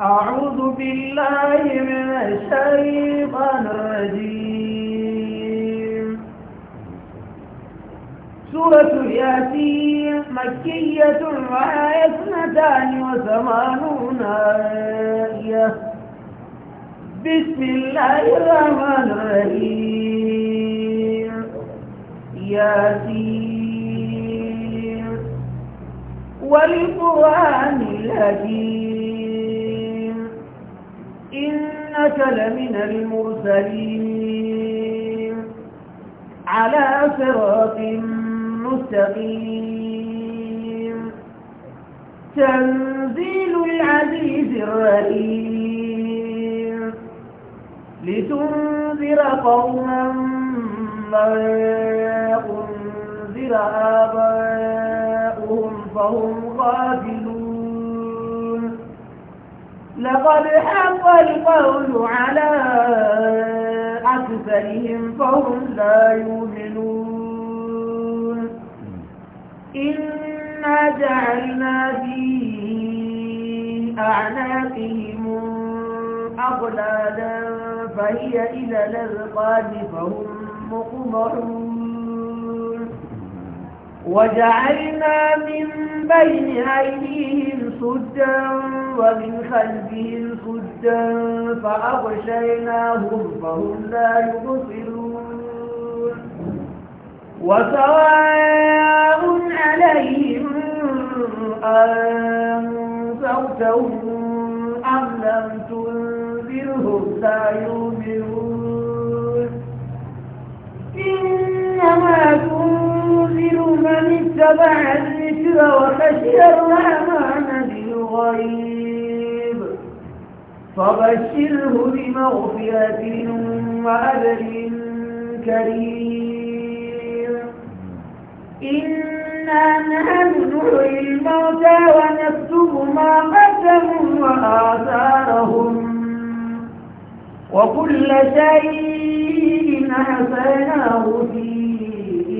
أعوذ بالله من الشيطان الرجيم سورة ياسين مكية وآية اثنتان وثمانون آية بسم الله الرحمن الرحيم ياسين والقرآن الحكيم إنك لمن المرسلين على صراط مستقيم تنزيل العزيز الرحيم لتنذر قوما ما أنذر آباؤهم فهم غافلون لقد حق القول على أكثرهم فهم لا يؤمنون إنا جعلنا في أعناقهم أغلالا فهي إلى الأذقان فهم مقمرون وجعلنا من بين أيديهم سدا ومن خلفهم سدا فأغشيناهم فهم لا يبصرون وسواء عليهم أنذرتهم أم لم تنذرهم لا يؤمنون إنما تنذرهم يؤمن من اتبع الذكر وخشي الرحمن بالغيب فبشره بمغفرة وأجر كريم إنا نحن نحيي الموتى ونكتب ما قدموا وآثارهم وكل شيء أحسناه فيه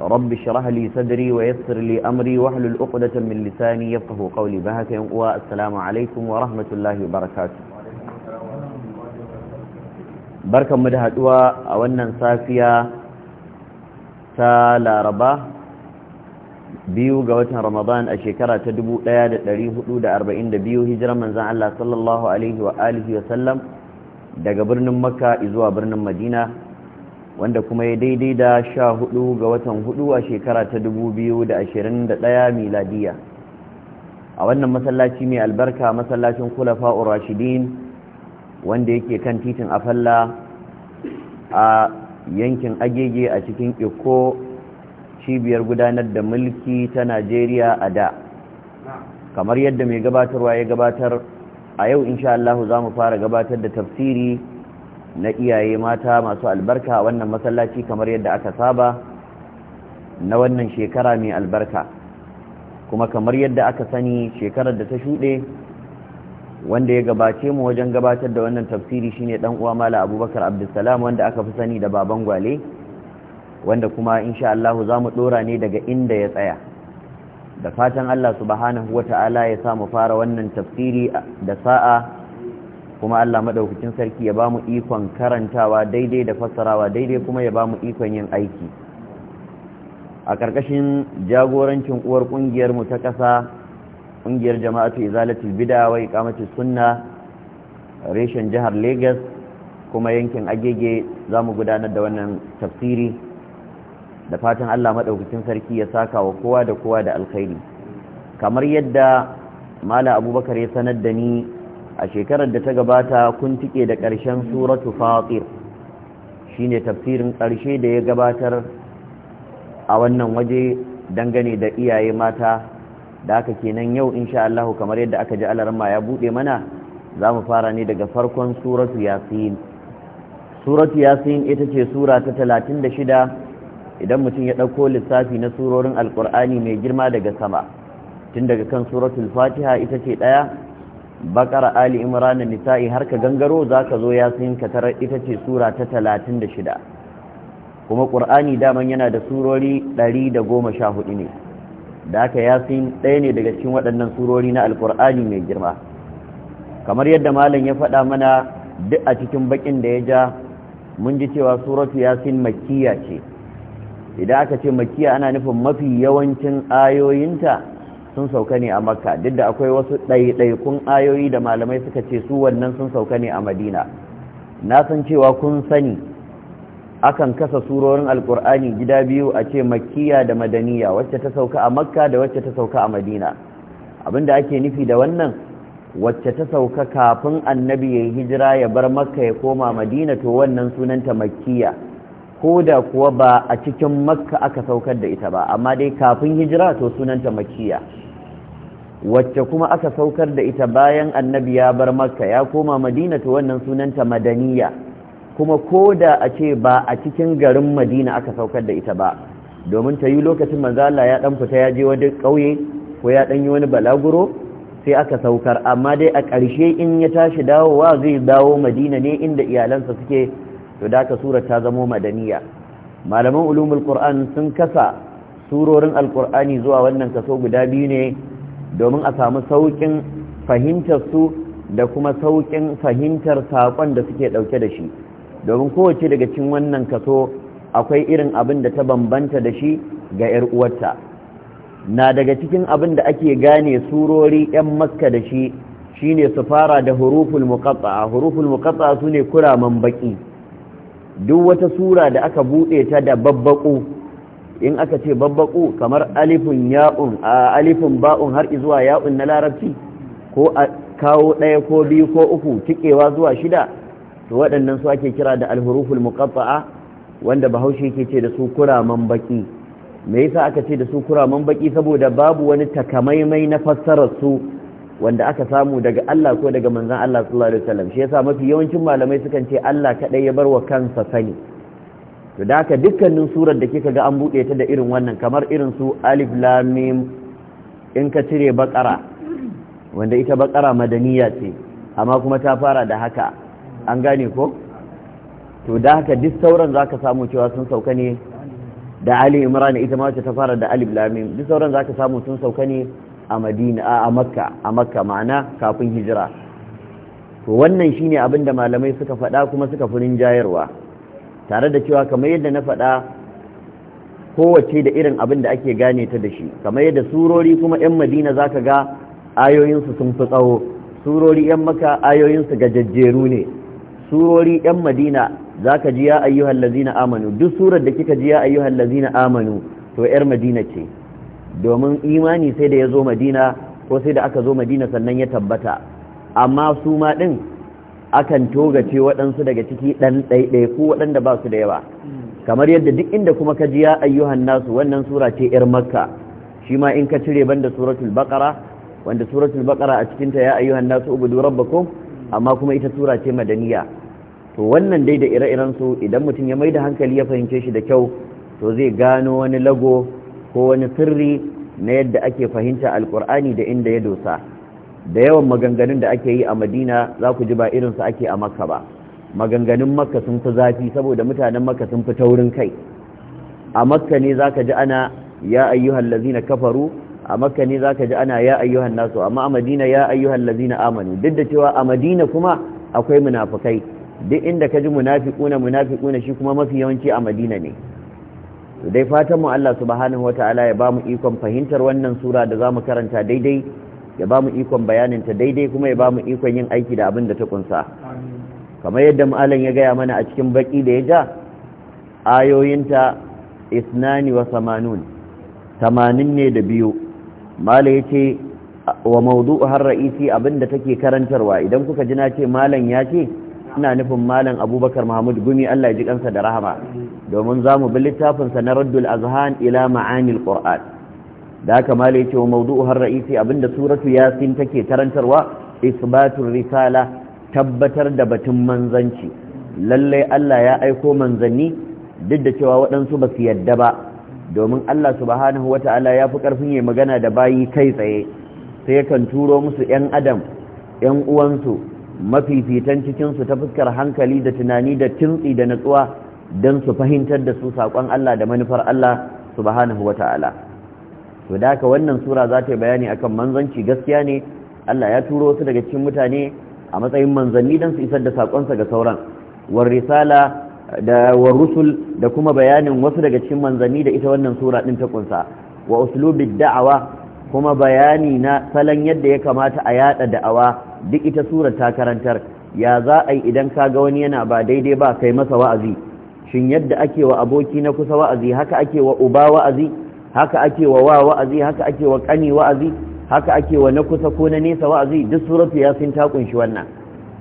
رب اشرح لي صدري ويسر لي أمري واحلل عقدة من لساني يفقه قولي بهك ينقوى السلام عليكم ورحمة الله وبركاته barkan mu da haduwa a wannan safiya ta laraba biyu ga watan ramadan a shekara ta 1442 hijirar manzan Allah sallallahu alaihi wa alihi wa sallam daga birnin makka zuwa birnin madina wanda kuma ya daidai da sha hudu ga watan hudu a shekara ta dubu biyu da ashirin da ɗaya miladiya a wannan masallaci mai albarka masallacin kulafa rashidin wanda yake kan titin afalla a yankin agege a cikin iko cibiyar gudanar da mulki ta najeriya a da kamar yadda mai gabatarwa ya gabatar a yau insha Allah za mu fara gabatar da tafsiri na iyaye mata masu albarka wannan masallaci kamar yadda aka saba na wannan shekara mai albarka kuma kamar yadda aka sani shekarar da ta shuɗe wanda ya gabace mu wajen gabatar da wannan tafsiri shine dan uwa mala abubakar abdulsalam wanda aka fi sani da baban gwale wanda kuma insha Allah za mu dora ne daga inda ya tsaya da fatan Allah subhanahu wata'ala ya sa mu fara wannan tafsiri da sa'a kuma Allah madaukakin sarki ya bamu ikon karantawa daidai da fassarawa daidai kuma ya bamu ikon yin aiki a karkashin jagorancin uwar kungiyar mu ta kasa kungiyar jama'atu izalatul bid'a wa iqamatus sunna reshen jihar Lagos kuma yankin Agege zamu gudanar da wannan tafsiri da fatan Allah madaukakin sarki ya saka wa kowa da kowa da alkhairi kamar yadda mala abubakar ya sanar da ni a shekarar da ta gabata kun tike da ƙarshen suratu fatir shine tafsirin ƙarshe da ya gabatar a wannan waje dangane da iyaye mata da aka kenan yau insha Allah kamar yadda aka ji alarma ya buɗe mana za mu fara ne daga farkon suratu yasin suratu yasin ita ce sura ta shida idan mutum ya ɗauko lissafi na surorin alkur'ani mai girma daga sama tun daga kan suratul fatiha ita ce ɗaya bakar ali imran nisa'i har ka gangaro za ka zo yasin ka tarar ita ce sura ta talatin da shida. kuma ƙur'ani daman yana da surori da goma 114 ne da aka yasin ɗaya ne daga cikin waɗannan surori na alƙur'ani mai girma kamar yadda malam ya faɗa mana duk a cikin baƙin da ya ja mun ji cewa suratu yasin makiya ce idan aka ce makiya ana nufin mafi yawancin ayoyinta sun sauka ne a makka duk da akwai wasu ɗaiɗaikun ayoyi da malamai suka ce su wannan sun sauka ne a madina na san cewa kun sani akan kasa surorin alkur'ani gida biyu a ce makkiya da madaniya wacce ta sauka a makka da wacce ta sauka a madina abinda ake nufi da wannan wacce ta sauka kafin annabi ya hijira ya bar makka ya koma madina to wannan sunanta makkiya ko da kuwa ba a cikin makka aka saukar da ita ba amma dai kafin hijira to sunanta makkiya wacce kuma aka saukar da ita bayan annabi ya bar makka ya koma madina ta wannan sunanta madaniya kuma ko da a ce ba a cikin garin madina aka saukar da ita ba domin ta yi lokacin manzala ya dan fita ya je wani ƙauye ko ya dan yi wani balaguro sai aka saukar amma dai a ƙarshe in ya tashi dawowa zai dawo madina ne inda iyalansa suke to da ka sura ta zamo madaniya malaman ulumul qur'an sun kasa surorin alqur'ani zuwa wannan kaso guda biyu ne domin a samu sauƙin fahimtar su da kuma sauƙin fahimtar saƙon da suke ɗauke da shi domin kowace daga cin wannan kaso akwai irin abin da ta bambanta da shi ga 'yar uwarta na daga cikin abin da ake gane surori 'yan Maska da shi shine su fara da huruful muqatta'a huruful muqatta'a sune kuraman baƙi. duk wata sura da aka buɗe ta da babbaƙo in aka ce babbaƙu kamar alifun ya'un a alifin ba'un har zuwa ya'un na larabci ko a kawo ɗaya ko biyu ko uku cikewa zuwa shida to waɗannan su ake kira da alhuruful muqatta'a wanda bahaushe ke ce da su kuraman baki me yasa aka ce da su kuraman baƙi!" saboda babu wani takamaimai na fassarar su wanda aka samu daga Allah ko daga manzon Allah sallallahu alaihi wasallam shi yasa mafi yawancin malamai sukan ce Allah kadai ya bar wa kansa sani to da haka dukkanin surar da kika ga an buɗe ta da irin wannan kamar irin su alif lamim in ka cire bakara wanda ita bakara madaniya ce amma kuma ta fara da haka an gane ko to da haka duk sauran za ka samu cewa sun sauka ne da Ali Imran ita ma wacce ta fara da Alif lamim duk sauran za ka samu sun sauka ne a Madina a Makka a Makka ma'ana kafin hijira to wannan shine abinda malamai suka faɗa kuma suka furin jayarwa tare da cewa kamar yadda na faɗa kowace da irin abin da ake gane ta da shi kamar yadda surori kuma 'yan madina za ka ga ayoyinsu sun fi tsawo surori 'yan maka ayoyinsu gajajjeru ne surori 'yan madina za ka ji ya ayyuhan lazina amanu duk surar da kika ji ya ayyuhan lazina amanu to 'yar madina ce domin imani sai da ya zo madina ko sai da aka zo madina sannan ya tabbata amma su ma ɗin akan togace waɗansu daga ciki ɗan ɗaiɗai ko waɗanda ba su da yawa kamar yadda duk inda kuma ka ji ya ayyuhan nasu wannan sura ce yar makka shi ma in ka cire banda suratul baqara wanda suratul baqara a cikinta ya ayyuhan nasu ubudu rabbakum amma kuma ita sura ce madaniya to wannan dai da ire-iren su idan mutum ya maida hankali ya fahimce shi da kyau to zai gano wani lago ko wani sirri na yadda ake fahimta alkur'ani da inda ya dosa da yawan maganganun da ake yi a madina za ku ji ba irin su ake a makka ba maganganun makka sun fi zafi saboda mutanen makka sun fi taurin kai a makka ne za ka ji ana ya ayyuhan lazina kafaru a makka ne za ka ji ana ya ayyuhan nasu amma a madina ya ayyuhan lazina amanu duk da cewa a madina kuma akwai munafukai duk inda ka ji munafiquna munafiquna shi kuma mafi yawanci a madina ne dai fatan mu Allah subhanahu wataala ya bamu ikon fahimtar wannan sura da zamu karanta daidai ya ba mu ikon bayanin ta daidai kuma ya ba mu ikon yin aiki da abin da ta kunsa kamar yadda malam ya gaya mana a cikin baki da ya ja ayoyinta isnani wa samanun tamanin ne da biyu mala ya ce wa maudu har ra'isi da take karantarwa idan kuka ji na ce malam ya ce ina nufin malam abubakar mahamud gumi allah ya ji kansa da rahama domin za mu bi littafinsa na raddul azhan ila ma'anil qur'an da haka male ya ce wa maudu'u har ra'isi abinda suratu yasin take karantarwa isbatul risala tabbatar da batun manzanci lallai Allah ya aiko manzanni duk da cewa waɗansu ba su yadda ba domin Allah subhanahu wata'ala ya fi ƙarfin ya magana da bayi kai tsaye sai kan turo musu 'yan adam 'yan uwansu mafifitan su ta fuskar hankali da tunani da kintsi da natsuwa don su fahimtar da su saƙon Allah da manufar Allah subhanahu wata'ala to da haka wannan sura za ta yi bayani akan manzanci gaskiya ne Allah ya turo wasu daga cikin mutane a matsayin manzanni don su isar da sakonsa ga sauran war risala da war rusul da kuma bayanin wasu daga cikin manzanni da ita wannan sura din ta kunsa wa uslubid da'awa kuma bayani na salon yadda ya kamata a yada da'awa duk ita sura ta karantar ya za a yi idan ka ga wani yana ba daidai ba kai masa wa'azi shin yadda ake wa aboki na kusa wa'azi haka ake wa uba wa'azi haka ake wa wa wa'azi haka ake wa kani wa'azi haka ake wa na kusa ko na nesa wa'azi duk suratu yasin ta kunshi wannan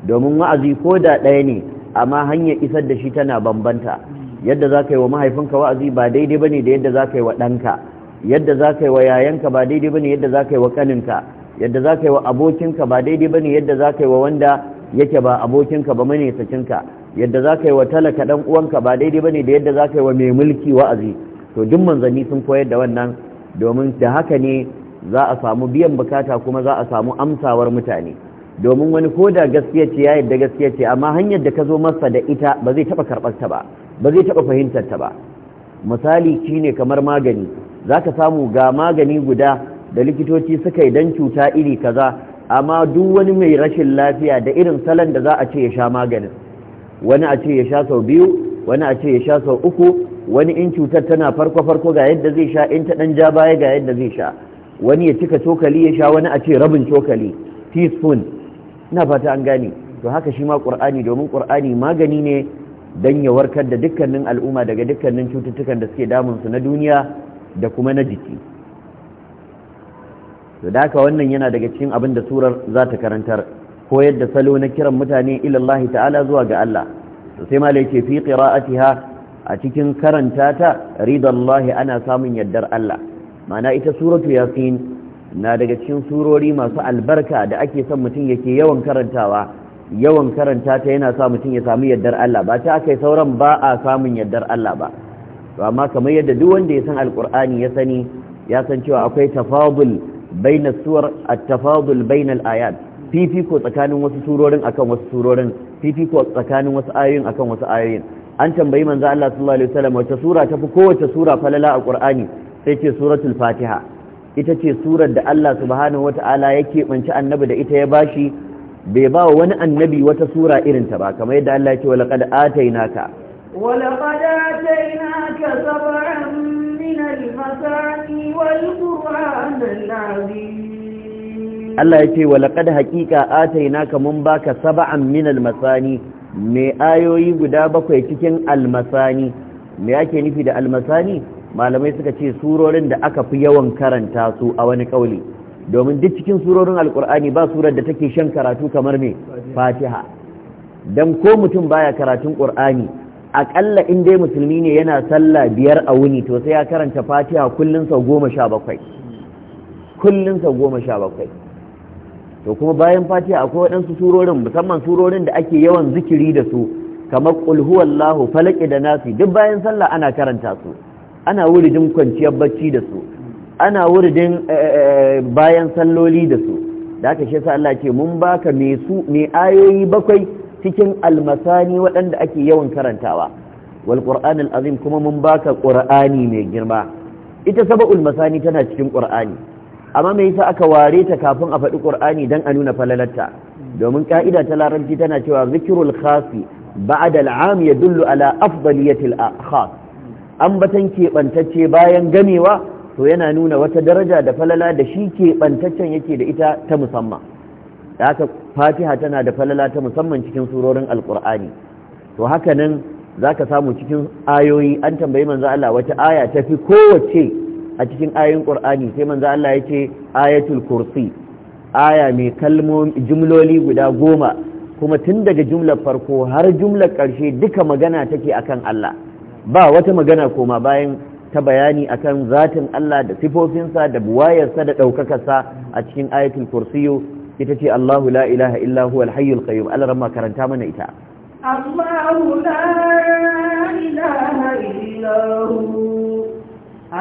domin wa'azi ko da ɗaya ne amma hanyar isar da shi tana bambanta yadda za ka yi wa mahaifinka wa'azi ba daidai ba ne da yadda za ka yi wa ɗanka yadda za ka yi wa yayanka ba daidai ba ne yadda za ka yi wa ƙaninka yadda za ka yi wa abokinka ba daidai ba ne yadda za ka yi wa wanda yake ba abokinka ba sakinka yadda za ka yi wa talaka ɗan uwanka ba daidai ba ne da yadda za ka yi wa mai mulki wa'azi to duk manzanni sun koyar da wannan domin da haka ne za a samu biyan bukata kuma za a samu amsawar mutane domin wani ko da gaskiya ce ya yadda gaskiya ce amma hanyar da ka zo masa da ita ba zai taɓa karɓar ta ba ba zai taɓa fahimtar ta ba misali shine kamar magani za ka samu ga magani guda da likitoci suka yi don cuta iri kaza amma duk wani mai rashin lafiya da irin salon da za a ce ya sha maganin wani a ce ya sha sau biyu wani a ce ya sha sau uku wani in cutar tana farko farko ga yadda zai sha in ta dan ja baya ga yadda zai sha wani ya cika cokali ya sha wani a ce rabin cokali teaspoon ina fata an gane to haka shi ma qur'ani domin qur'ani magani ne dan ya warkar da dukkanin al'umma daga dukkanin cututtukan da suke damun su na duniya da kuma na jiki to da haka wannan yana daga cikin abin da surar za ta karantar ko yadda salo na kiran mutane ilallahi ta'ala zuwa ga Allah to sai malai ce fi qira'atiha a cikin karanta ta ridallahi ana samun yaddar Allah ma'ana ita suratu yasin na daga cikin surori masu albarka da ake son mutum yake yawan karantawa yawan karanta ta yana sa mutum ya samu yaddar Allah ba ta akai sauran ba a samun yaddar Allah ba to amma kamar yadda duk wanda ya san alqur'ani ya sani ya san cewa akwai tafadul baina suwar at-tafadul bayna al-ayat fifiko tsakanin wasu surorin akan wasu surorin fifiko tsakanin wasu ayoyin akan wasu ayoyin an tambayi manzo Allah sallallahu alaihi wasallam wace sura fi kowace sura falala a Qur'ani sai ce suratul Fatiha ita ce surar da Allah subhanahu wataala yake banci annabi da ita ya bashi bai ba wani annabi wata sura irin ta ba kamar yadda Allah ya ce walaqad atainaka walaqad atainaka sab'an min al-masani wal-qur'an al-azim Allah ya ce walaƙad haƙiƙa ka mun baka saba'an min almasani mai ayoyi guda bakwai cikin almasani me yake nufi da almasani malamai suka ce surorin da aka fi yawan karanta su a wani kauli domin duk cikin surorin alkur'ani ba surar da take shan karatu kamar me fatiha dan ko mutum baya karatun Ƙur'ani, aƙalla in dai musulmi ne yana sallah biyar a wuni to sai ya karanta fatiha kullun sau goma sha bakwai kullun sau goma sha bakwai to kuma bayan fatiha akwai waɗansu surorin musamman surorin da ake yawan zikiri da su kamar qul huwallahu falaq da nasi duk bayan sallah ana karanta su ana wuridin kwanciyar bacci da su ana wuridin eh, eh, eh, bayan salloli da su da haka shi yasa Allah ce mun baka me su ayoyi bakwai cikin almasani waɗanda ake yawan karantawa wal qur'an al azim kuma mun baka qur'ani mai girma ita sab'ul masani tana cikin qur'ani amma me yasa aka ware ta kafin a faɗi ƙur'ani dan a nuna falalarta domin ƙa'ida ta larabci tana cewa zikrul khasi ba'da al'am yadullu ala afdaliyati al An batan keɓantacce bayan gamewa to yana nuna wata daraja da falala da shi keɓantaccen yake da ita ta musamman da haka fatiha tana da falala ta musamman cikin surorin alkur'ani to haka nan za ka samu cikin ayoyi an tambayi manzo Allah wata aya ta fi kowace a cikin ayoyin qur'ani sai manzo Allah ya ce ayatul kursi aya mai kalmomi jumloli guda goma kuma tun daga jumlar farko har jumlar ƙarshe duka magana take akan Allah ba wata magana koma bayan ta bayani akan zatin Allah da sifofinsa da buwayarsa da ɗaukakarsa a cikin ayatul kursiyo ita ce Allahu la ilaha illa huwal hayyul qayyum Allah ramma karanta mana ita Allahu la ilaha illa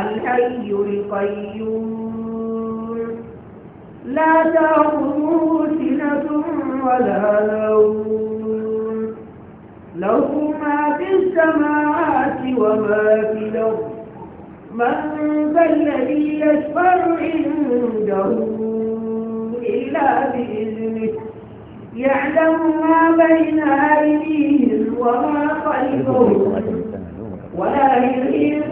الحي القيوم لا تأخذه سنة ولا نوم له ما في السماوات وما في الأرض من ذا الذي يشفع عنده إلا بإذنه يعلم ما بين أيديهم وما خلفهم ولا يحيطون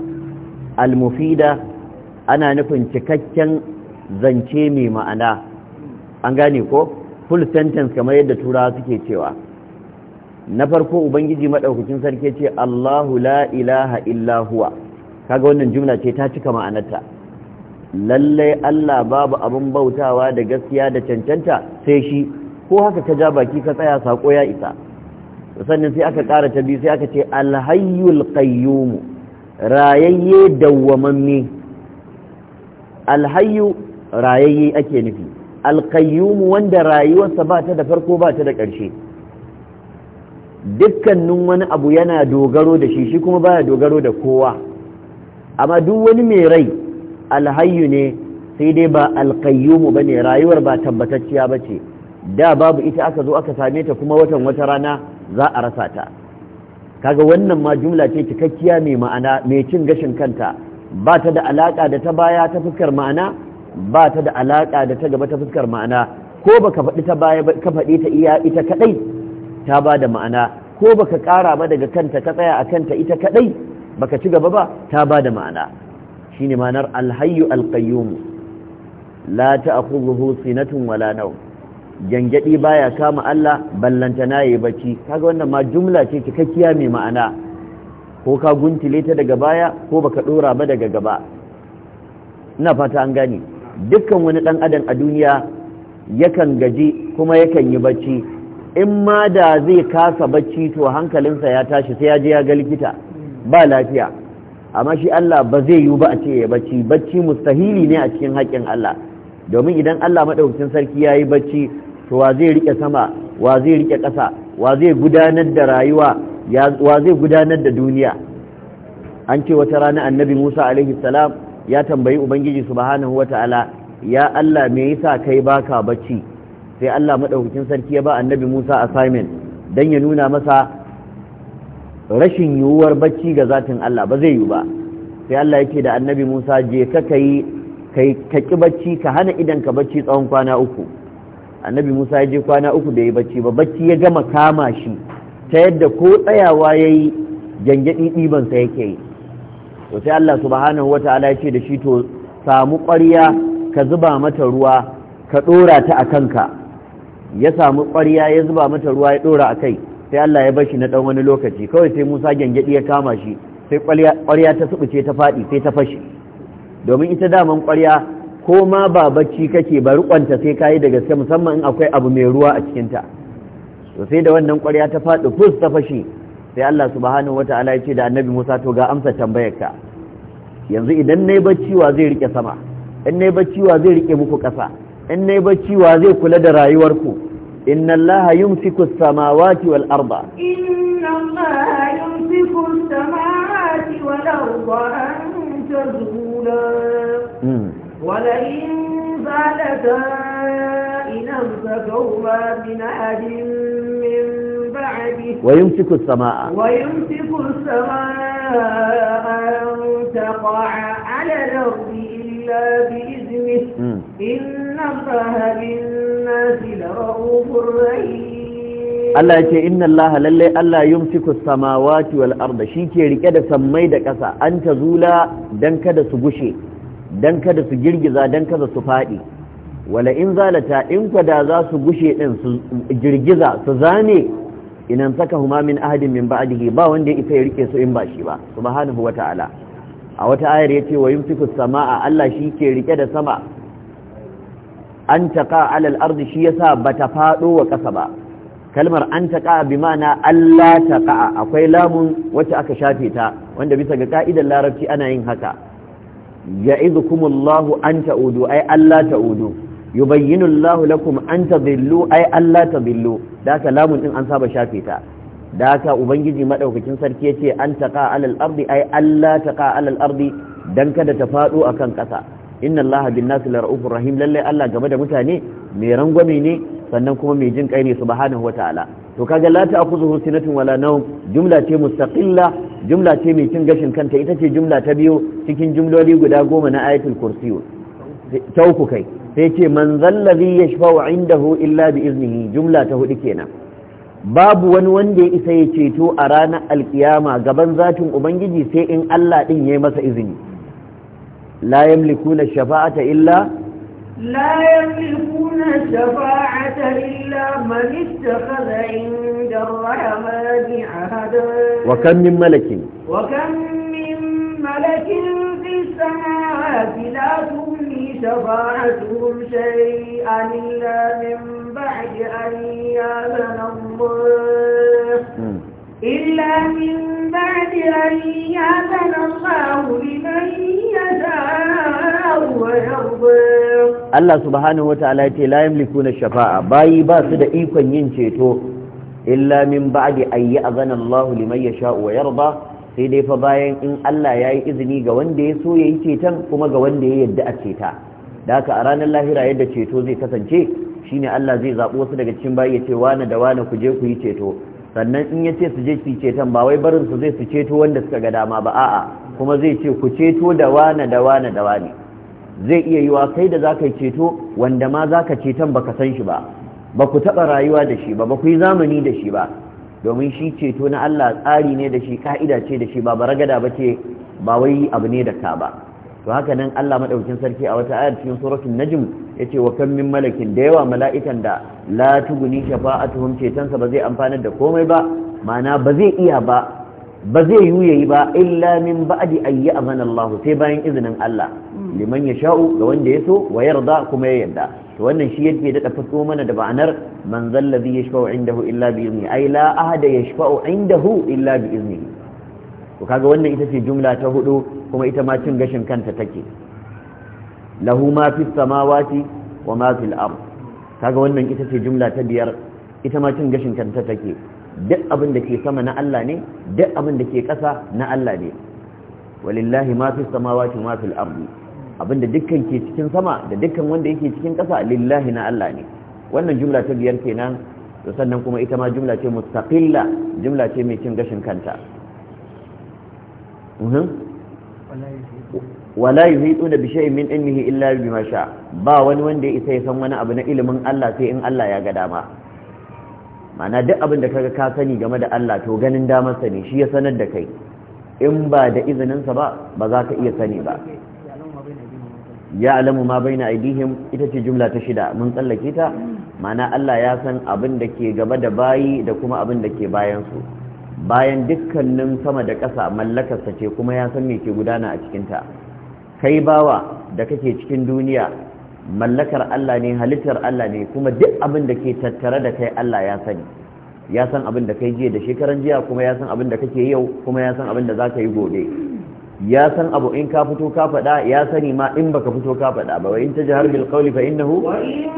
al-mufida ana nufin cikakken zance mai ma'ana an gane ko full sentence kamar yadda turawa suke cewa na farko ubangiji madaukakin sarki ce Allahu la ilaha illa huwa kaga wannan jumla ce ta cika ma'anarta Lallai Allah babu abin bautawa da gaskiya da cancanta sai shi ko haka ka ja baki ka tsaya sako ya isa sannan sai aka ƙara ta biyu sai aka ce alhayyul qayyum rayayye dawwamanni alhayyu rayayye ake nufi alqayyum wanda rayuwarsa ba ta da farko ba ta da ƙarshe dukkanin wani abu yana dogaro da shi shi kuma baya dogaro da kowa amma duk wani mai rai alhayyu ne sai dai ba alqayyum bane rayuwar ba tabbatacciya ce. da babu ita aka zo aka same ta kuma watan wata rana za a rasa ta kaga wannan ma jumla ce cikakkiya mai ma'ana mai cin gashin kanta ba ta da alaka da ta baya ta fuskar ma'ana ba ta da alaka da ta gaba ta fuskar ma'ana ko baka faɗi ta baya ka faɗi ta iya ita kadai ta ba da ma'ana ko baka ƙara ba daga kanta ka tsaya a kanta ita kadai baka ci gaba ba ta ba da ma'ana shine ma'anar alhayyu alqayyum la ta'khudhuhu sinatun wala nawm gyangyaɗi baya kama Allah ballanta na yi bacci kaga wannan ma jumla ce cikakkiya mai ma'ana ko ka guntile ta daga baya ko baka ɗora ba daga gaba ina fata an gane dukkan wani ɗan adam a duniya yakan gaji kuma yakan yi bacci in ma da zai kasa bacci to hankalinsa ya tashi sai ya je ya ga likita ba lafiya amma shi Allah ba zai yiwu ba a ce ya bacci bacci mustahili ne a cikin haƙƙin Allah domin idan Allah maɗaukacin sarki ya yi bacci to wa zai rike sama wa zai rike ƙasa wa zai gudanar da rayuwa wa zai gudanar da duniya an ce wata rana annabi Musa alaihi salam ya tambayi ubangiji subhanahu wata'ala ya Allah me yasa kai baka bacci sai Allah madaukakin sarki ya ba annabi Musa assignment dan ya nuna masa rashin yiwuwar bacci ga zatin Allah ba zai yi ba sai Allah yake da annabi Musa je ka kai kai ka ki bacci ka hana idan ka bacci tsawon kwana uku annabi musa ya je kwana uku da ya bacci ba bacci ya gama kama shi ta yadda ko tsayawa ya yi gyangyaɗi ɗibansa yake yi to sai allah subhanahu wa ta'ala ya ce da shi to samu ƙwarya ka zuba mata ruwa ka ɗora ta a kanka ya samu ƙwarya ya zuba mata ruwa ya ɗora a kai sai allah ya shi na ɗan wani lokaci kawai sai musa gyangyaɗi ya kama shi sai ƙwarya ta suɓuce ta faɗi sai ta fashe domin ita daman ƙwarya ko ma ba bacci kake ba rikonta sai kayi da gaske musamman in akwai abu mai ruwa a cikinta to sai da wannan kwarya ta faɗi fus ta fashe sai Allah subhanahu wata'ala ya ce da annabi Musa to ga amsa tambayar ka yanzu idan nayi bacci wa zai rike sama in nayi bacci wa zai rike muku ƙasa in nayi bacci wa zai kula da rayuwarku inna Allah yumsiku as-samawati wal arda inna Allah yumsiku as-samawati wal arda an tazula hmm. ولئن زالتا إن أمسكهما من أحد من بعده ويمسك السماء ويمسك السماء أن تقع على الأرض إلا بإذنه م. إن الله بالناس لرؤوف رحيم Allah ce inna Allah lallai Allah yumsiku samawati wal arda shike rike da sammai da ƙasa an ta zula dan kada su gushe Don kada su girgiza don kada su faɗi wala in zalata in kwada za su gushe ɗin, su girgiza su zame inan saka huma min ahadin min ba'dihi ba wanda ita ya rike su in ba shi ba subhanahu wata'ala a wata ayar yace wa yumsiku samaa Allah shi ke rike da sama an taqa ala al-ard shi yasa bata fado wa kasa ba kalmar an taqa bi ma'ana Allah taqa akwai lamun wacce aka shafe ta wanda bisa ga ka'idar larabci ana yin haka ya'idukumullahu an ta'udu ai Allah ta'udu yubayyinu Allahu lakum an tadillu ai Allah tadillu da haka lamun din an saba shafe ta da haka ubangiji madaukakin sarki yace an taqa alal ardi ai Allah taqa alal ardi dan kada ta fado akan kasa inna Allaha bin nasi rahim lalle Allah game da mutane mai rangwame ne sannan kuma mai jin kai ne subhanahu wataala to kaga la ta'khudhuhu sinatun wala nawm jumla ce mustaqilla jumla ce mai cin gashin kanta ita ce jumla ta biyu cikin jumloli guda goma na ayatul kursi ta kai sai ce man zallazi yashfa'u indahu illa bi iznihi jumla ta hudu kenan babu wani wanda ya isa ya ceto a ranar alkiyama gaban zatin ubangiji sai in Allah din yi masa izini la na shafa'ata illa لا يملكون الشفاعة إلا من اتخذ عند الرحمن عهدا وكم من ملك وكم من ملك في السماوات لا تغني شفاعتهم شيئا إلا من بعد أن يأذن الله إلا من بعد أن يأذن الله لمن يشاء ويرضى الله سبحانه وتعالى يتي لا shafa'a, bayi ba su da ikon yin ceto illa min ba'di an ya'zana Allah liman yasha'u wa yarda sai dai fa bayan in Allah yayi izini ga wanda ya so yayi ceton kuma ga wanda ya yadda a ceta da haka a ranar lahira yadda ceto zai kasance shine Allah zai zaɓi wasu daga cikin bayi ya ce wane da wane ku je ku yi ceto sannan in ya ce su je su ceton ba wai barin su zai su ceto wanda suka ga dama ba a'a kuma zai ce ku ceto da wane da wane da wane zai iya yiwa kai da zaka yi ceto wanda ma zaka ceton baka san shi ba ba ku taɓa rayuwa da shi ba ba ku yi zamani da shi ba domin shi ceto na Allah tsari ne da shi ka'ida ce da shi ba baragada ba ce ba wai abu ne da ka ba to haka nan Allah madaukin sarki a wata ayar cikin suratul najm yace wa kam min malakin da yawa mala'ikan da la tuguni shafa'atuhum cetan sa ba zai amfana da komai ba ma'ana ba zai iya ba ba zai ba illa min ba'di ayyi amana Allah sai bayan izinin Allah liman yasha'u ga wanda yaso wa yarda kuma ya yarda to wannan shi yake da tafaso mana da ba'anar man zallazi yashfa'u indahu illa bi ay la ahada yashfa'u indahu illa bi izini. to kaga wannan ita ce jumla ta hudu kuma ita ma cin gashin kanta take lahu ma fi samawati wa ma fil ard kaga wannan ita ce jumla ta biyar ita ma cin gashin kanta take duk abin da ke sama na Allah ne duk abin da ke kasa na Allah ne walillahi ma fi samawati wa ma fil ard abinda dukkan ke cikin sama da dukkan wanda yake cikin kasa lillahi na Allah ne wannan jumla ta biyar kenan to sannan kuma ita ma jumla ce mustaqilla jumla ce mai cin gashin kanta Mhm. wala hito da shay'in min ilmihi illa bima sha ba wani wanda ya isa ya san wani abu na ilimin Allah sai in Allah ya ga dama mana duk abin da kaga ka sani game da Allah to ganin damar sa ne shi ya sanar da kai in ba da izininsa ba ba za ka iya sani ba ya alamu ma baina aidihim ita ce jumla ta shida mun tsallake ta mana Allah ya san abin da ke gaba da bayi da kuma abin da ke bayan su bayan dukkanin sama da ƙasa mallakarsa ce kuma ya san me ke gudana a cikinta kai bawa da kake cikin duniya mallakar Allah ne halittar Allah ne kuma duk abin da ke tattare da kai Allah ya sani ya san abin da kai jiya da shekaran jiya kuma ya san abin da kake yau kuma ya san abin da za ka yi gobe ya san abu in ka fito ka faɗa ya sani ma in baka fito ka faɗa ba wa in jihar bil qawli fa innahu wa in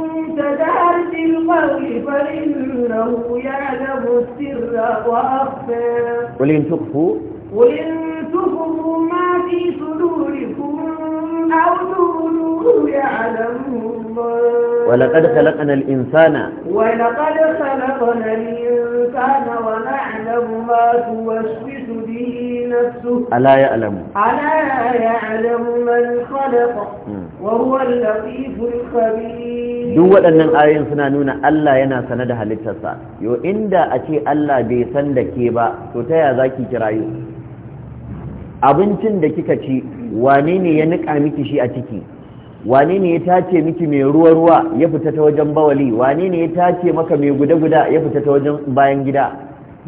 وإن تخفوا تخفوا ما في صدوركم أو تبدوه يعلمه الله ولقد خلقنا الإنسان ولقد خلقنا الإنسان ونعلم ما توسوس به ألا يعلم ألا يعلم من خلق وهو اللطيف الخبير duk waɗannan ayoyin suna nuna Allah yana sane da halittarsa yo inda a ce Allah bai san da ke ba to ta ya za ki kirayo abincin da kika ci wane ne ya niƙa miki shi a ciki wane ne ya tace miki mai ruwa-ruwa ya fita ta wajen bawali wane ne ya tace maka mai guda-guda ya fita ta wajen bayan gida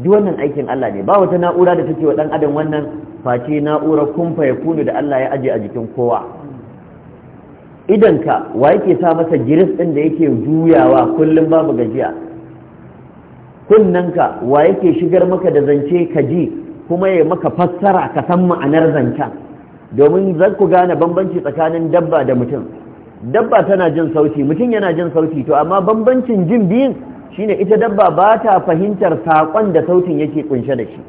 duk wannan aikin Allah ne ba wata na'ura da take wa dan adam wannan face na'urar kumfa ya kunu da Allah ya aje a jikin kowa ka wa yake sa masa giris din da yake juyawa kullum babu gajiya ka wa yake shigar maka da zance ka ji kuma ya maka fassara ka san ma'anar zancen domin zan ku gane bambanci tsakanin dabba da mutum dabba tana jin sauti mutum yana jin sauti to amma bambancin jin biyun shine ita dabba ba ta fahimtar saƙon da sautin yake kunshe da shi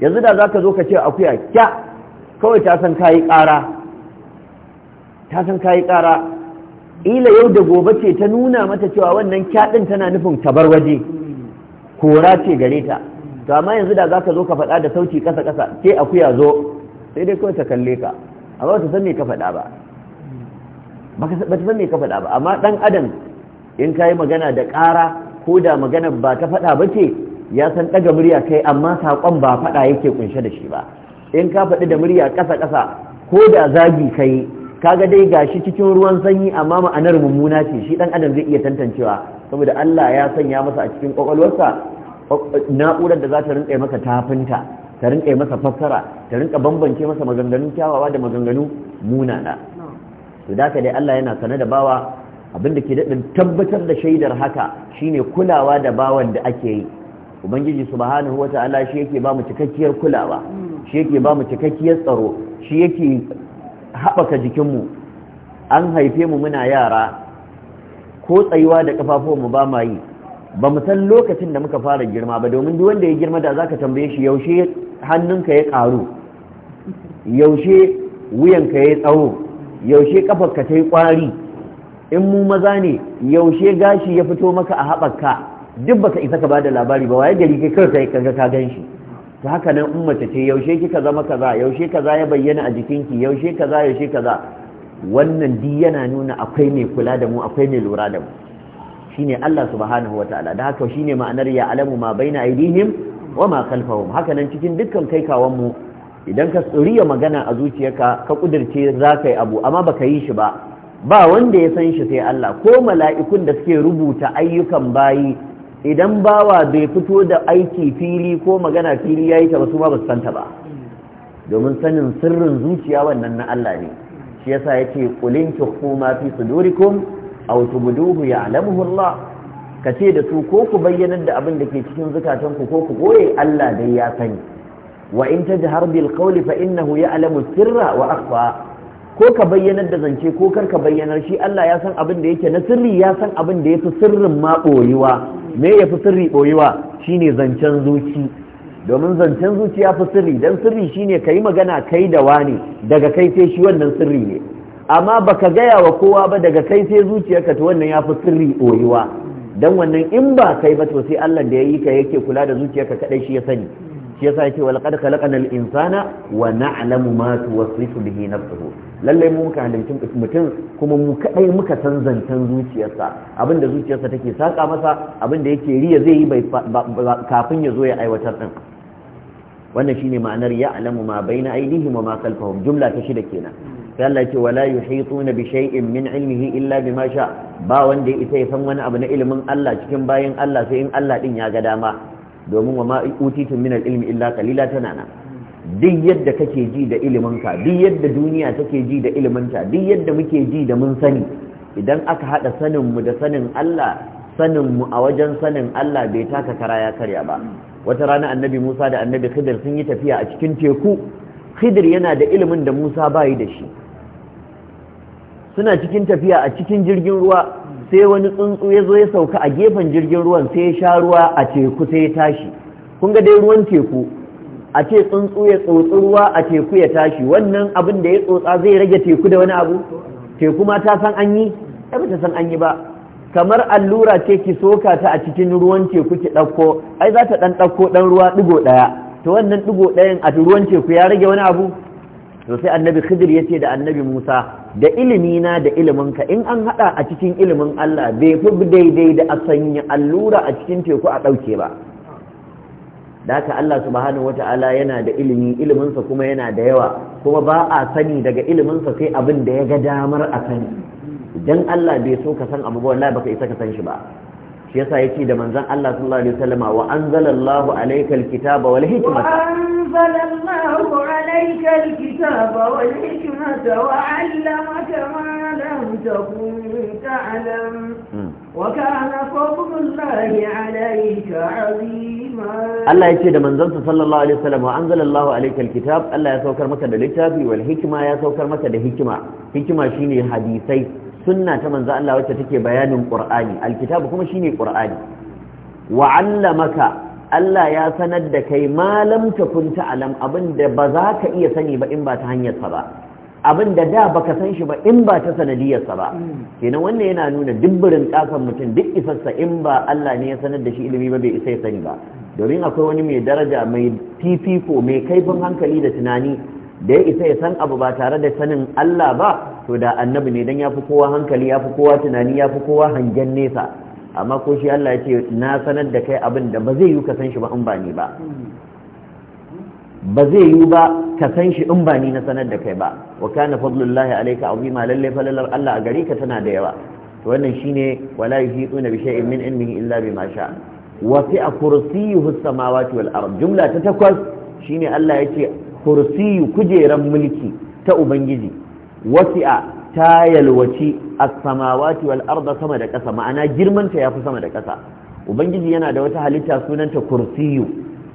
yanzu da za ka zo ka ce akuya kya kawai ta san kayi ƙara ta san kayi ƙara ila yau da gobe ce ta nuna mata cewa wannan ɗin tana nufin tabar waje kora ce gare ta to amma yanzu da za ka zo ka faɗa da sauti ƙasa ƙasa ke akuya zo sai dai kawai ta kalle ka amma ta san me ka faɗa ba ba ta san me ka faɗa ba amma ɗan adam in ka yi magana da ƙara ko da magana ba ta faɗa ba ce ya san ɗaga murya kai amma saƙon ba faɗa yake kunshe da shi ba in ka faɗi da murya ƙasa ƙasa ko da zagi kai kaga dai gashi cikin ruwan sanyi amma ma'anar mummuna ce shi ɗan adam zai iya tantancewa saboda Allah ya sanya masa a cikin ƙwaƙwalwarsa, na'urar da za ta rinƙa masa tafinta ta rinƙa masa fassara ta rinƙa bambance masa maganganun kyawawa da maganganu munana to da dai Allah yana sane da bawa Abin da ke daɗin tabbatar da shaidar haka shine kulawa da bawan da ake yi ubangiji subhanahu wata'ala shi yake ba mu cikakkiyar kulawa shi yake ba mu cikakkiyar tsaro shi yake haɓaka jikinmu an haife mu muna yara ko tsayuwa da kafafuwanmu ba ma yi ba mu san lokacin da muka fara girma ba domin duk wanda ya girma da za ka tambaye shi yaushe hannunka ya ƙaru? yaushe wuyanka ya tsawo yaushe ƙafarka ta yi ƙwari? in mu maza ne yaushe gashi ya fito maka a haɓaka duk baka isa ka bada labari ba waye gari kai kawai ka ka ganshi? shi hakanan haka nan in mace ce yaushe kika zama kaza yaushe kaza ya bayyana a jikinki yaushe kaza yaushe kaza wannan di yana nuna akwai mai kula da mu akwai mai lura da mu shine Allah subhanahu wataala da haka shine ma'anar ya alamu ma baina aidihim wa ma khalfahum haka nan cikin dukkan kai kawan mu idan ka tsuriya magana a zuciyarka ka kudirce za kai abu amma baka yi shi ba ba wanda ya san shi sai Allah ko mala'ikun da suke rubuta ayyukan bayi idan bawa bai fito da aiki fili ko magana fili yayi ta ba su ma santa ba domin sanin sirrin zuciya wannan na Allah ne shi yasa yace qulin tukhfu ma fi sudurikum aw tubduhu ya'lamuhu Ka kace da su ko ku bayyanar da abin da ke cikin zukatanku ko ku goye Allah dai ya sani wa in tajhar bil kauli fa innahu alamu sirra wa akhfa ko ka bayyanar da zance ko kar ka bayyanar shi Allah ya san abin da yake na sirri ya san abin da ya fi sirrin ma boyuwa me yafi sirri boyuwa shine zancen zuci domin zancen ya fi sirri dan sirri shine yi magana kai da wani daga kai sai shi wannan sirri ne amma baka gaya wa kowa ba daga kai sai zuciyarka ta wannan ya fi sirri boyuwa dan wannan in ba kai ba to sai Allah da yayi ka yake kula da zuciyarka kadai shi ya sani shi yasa yake wal qad khalaqana al insana wa na'lamu ma tuwaswisu bihi nafsuhu lalle mu muka halicin mutum kuma mu kadai muka san zancen zuciyarsa abinda zuciyarsa take saka masa abinda yake riya zai yi kafin ya zo ya aiwatar din wannan shine ma'anar ya'lamu ma baina aydihim wa ma khalfahum jumla ta shida kenan sai Allah ce wala yuhituna bi shay'in min ilmihi illa bima sha ba wanda ya isa ya san wani abu na ilimin Allah cikin bayin Allah sai in Allah din ya ga dama domin wa ma utitun ilmi illa kalila tana nan duk yadda kake ji da iliminka duk yadda duniya take ji da iliminta duk yadda muke ji da mun sani idan aka hada sanin mu da sanin Allah sanin mu a wajen sanin Allah bai taka kara ya karya ba wata rana annabi Musa da annabi Khidir sun yi tafiya a cikin teku Khidir yana da ilimin da Musa bai da shi suna cikin tafiya a cikin jirgin ruwa sai wani tsuntsu ya zo ya sauka a gefen jirgin ruwan sai ya sha ruwa a teku sai ya tashi kun ga dai ruwan teku a ce tsuntsu ya tsotsi ruwa a teku ya tashi wannan abin da ya tsotsa zai rage teku da wani abu teku ma ta san an yi Ya ba ta san an yi ba kamar allura ce ki soka ta a cikin ruwan teku ki ɗauko ai za ta ɗan ɗauko ɗan ruwa ɗigo ɗaya to wannan ɗigo ɗayan a ruwan teku ya rage wani abu to sai annabi khidir ya ce da annabi musa da ilimi na da iliminka in an hada a cikin ilimin allah bai fi daidai da a sanya allura a cikin teku a ɗauke ba da haka allah subhanahu wata'ala yana da ilimi iliminsa kuma yana da yawa kuma ba a sani daga iliminsa sai abin da ya ga damar a sani idan allah bai so ka san abu ba wallahi baka isa ka san shi ba shi yasa yake da manzon Allah sallallahu alaihi wasallama wa anzalallahu alaykal kitaba wal hikmata wa anzalallahu alaykal kitaba wal hikmata wa 'allamaka ma lam takun ta'lam hmm. wa kana fadlullahi alayka 'azima Allah yake da manzon sallallahu alaihi wasallama wa anzalallahu alaykal kitab Allah ya saukar maka da littafi wal hikma ya saukar maka da hikima hikima shine hadisai sunna ta manzo Allah wacce take bayanin Qur'ani alkitabu kuma shine Qur'ani wa 'allamaka Allah ya sanar da kai malam takun ta'lam abinda ba za ka iya sani ba in ba ta hanyar sa ba abinda da baka san shi ba in ba ta sanadiyar sa ba hmm. kenan wannan yana nuna dubburin kasan mutum duk isassa in ba Allah ne ya sanar da shi ilimi ba bai isa ya sani ba domin akwai wani mai daraja mai fifiko mai kaifin hankali da tunani da ya isa ya san abu ba tare da sanin Allah ba to da annabi ne dan fi kowa hankali fi kowa tunani fi kowa hangen nesa amma ko shi Allah ya ce na sanar da kai abin da ba zai yi ka san shi ba in ba ni ba ba zai yi ba ka san shi in ba ni na sanar da kai ba wa kana fadlullahi alayka azima lalle falalar Allah a gare ka tana da yawa to wannan shine wala yuhituna bi shay'in min ilmihi illa bima sha'a wa fi kursiyuhu as-samawati wal ard jumla ta takwas shine Allah yace kursiyu kujeran mulki ta ubangiji wasi'a ta yalwaci as-samawati wal arda sama da ƙasa ma'ana girmanta yafi sama da ƙasa ubangiji yana da wata halitta sunanta kursiyu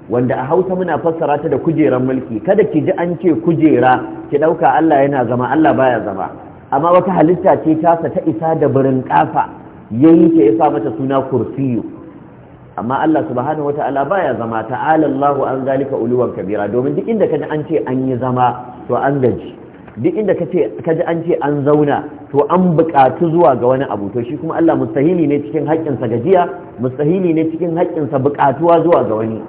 wanda a hausa muna fassara ta da kujeran mulki kada ki ji an ce kujera ki ɗauka allah yana zama allah baya zama amma wata halitta ce tasa ta isa da birin ƙafa yayi ke ya sa mata suna kursiyu amma Allah subhanahu wata'ala baya zama ta'ala Allahu an zalika uluwan kabira domin duk inda kaji an ce an yi zama to an gaji duk inda kaji an ce an zauna to an buƙatu zuwa ga wani abu to shi kuma Allah mustahili ne cikin haƙƙinsa gajiya mustahili ne cikin haƙƙinsa buƙatuwa zuwa ga wani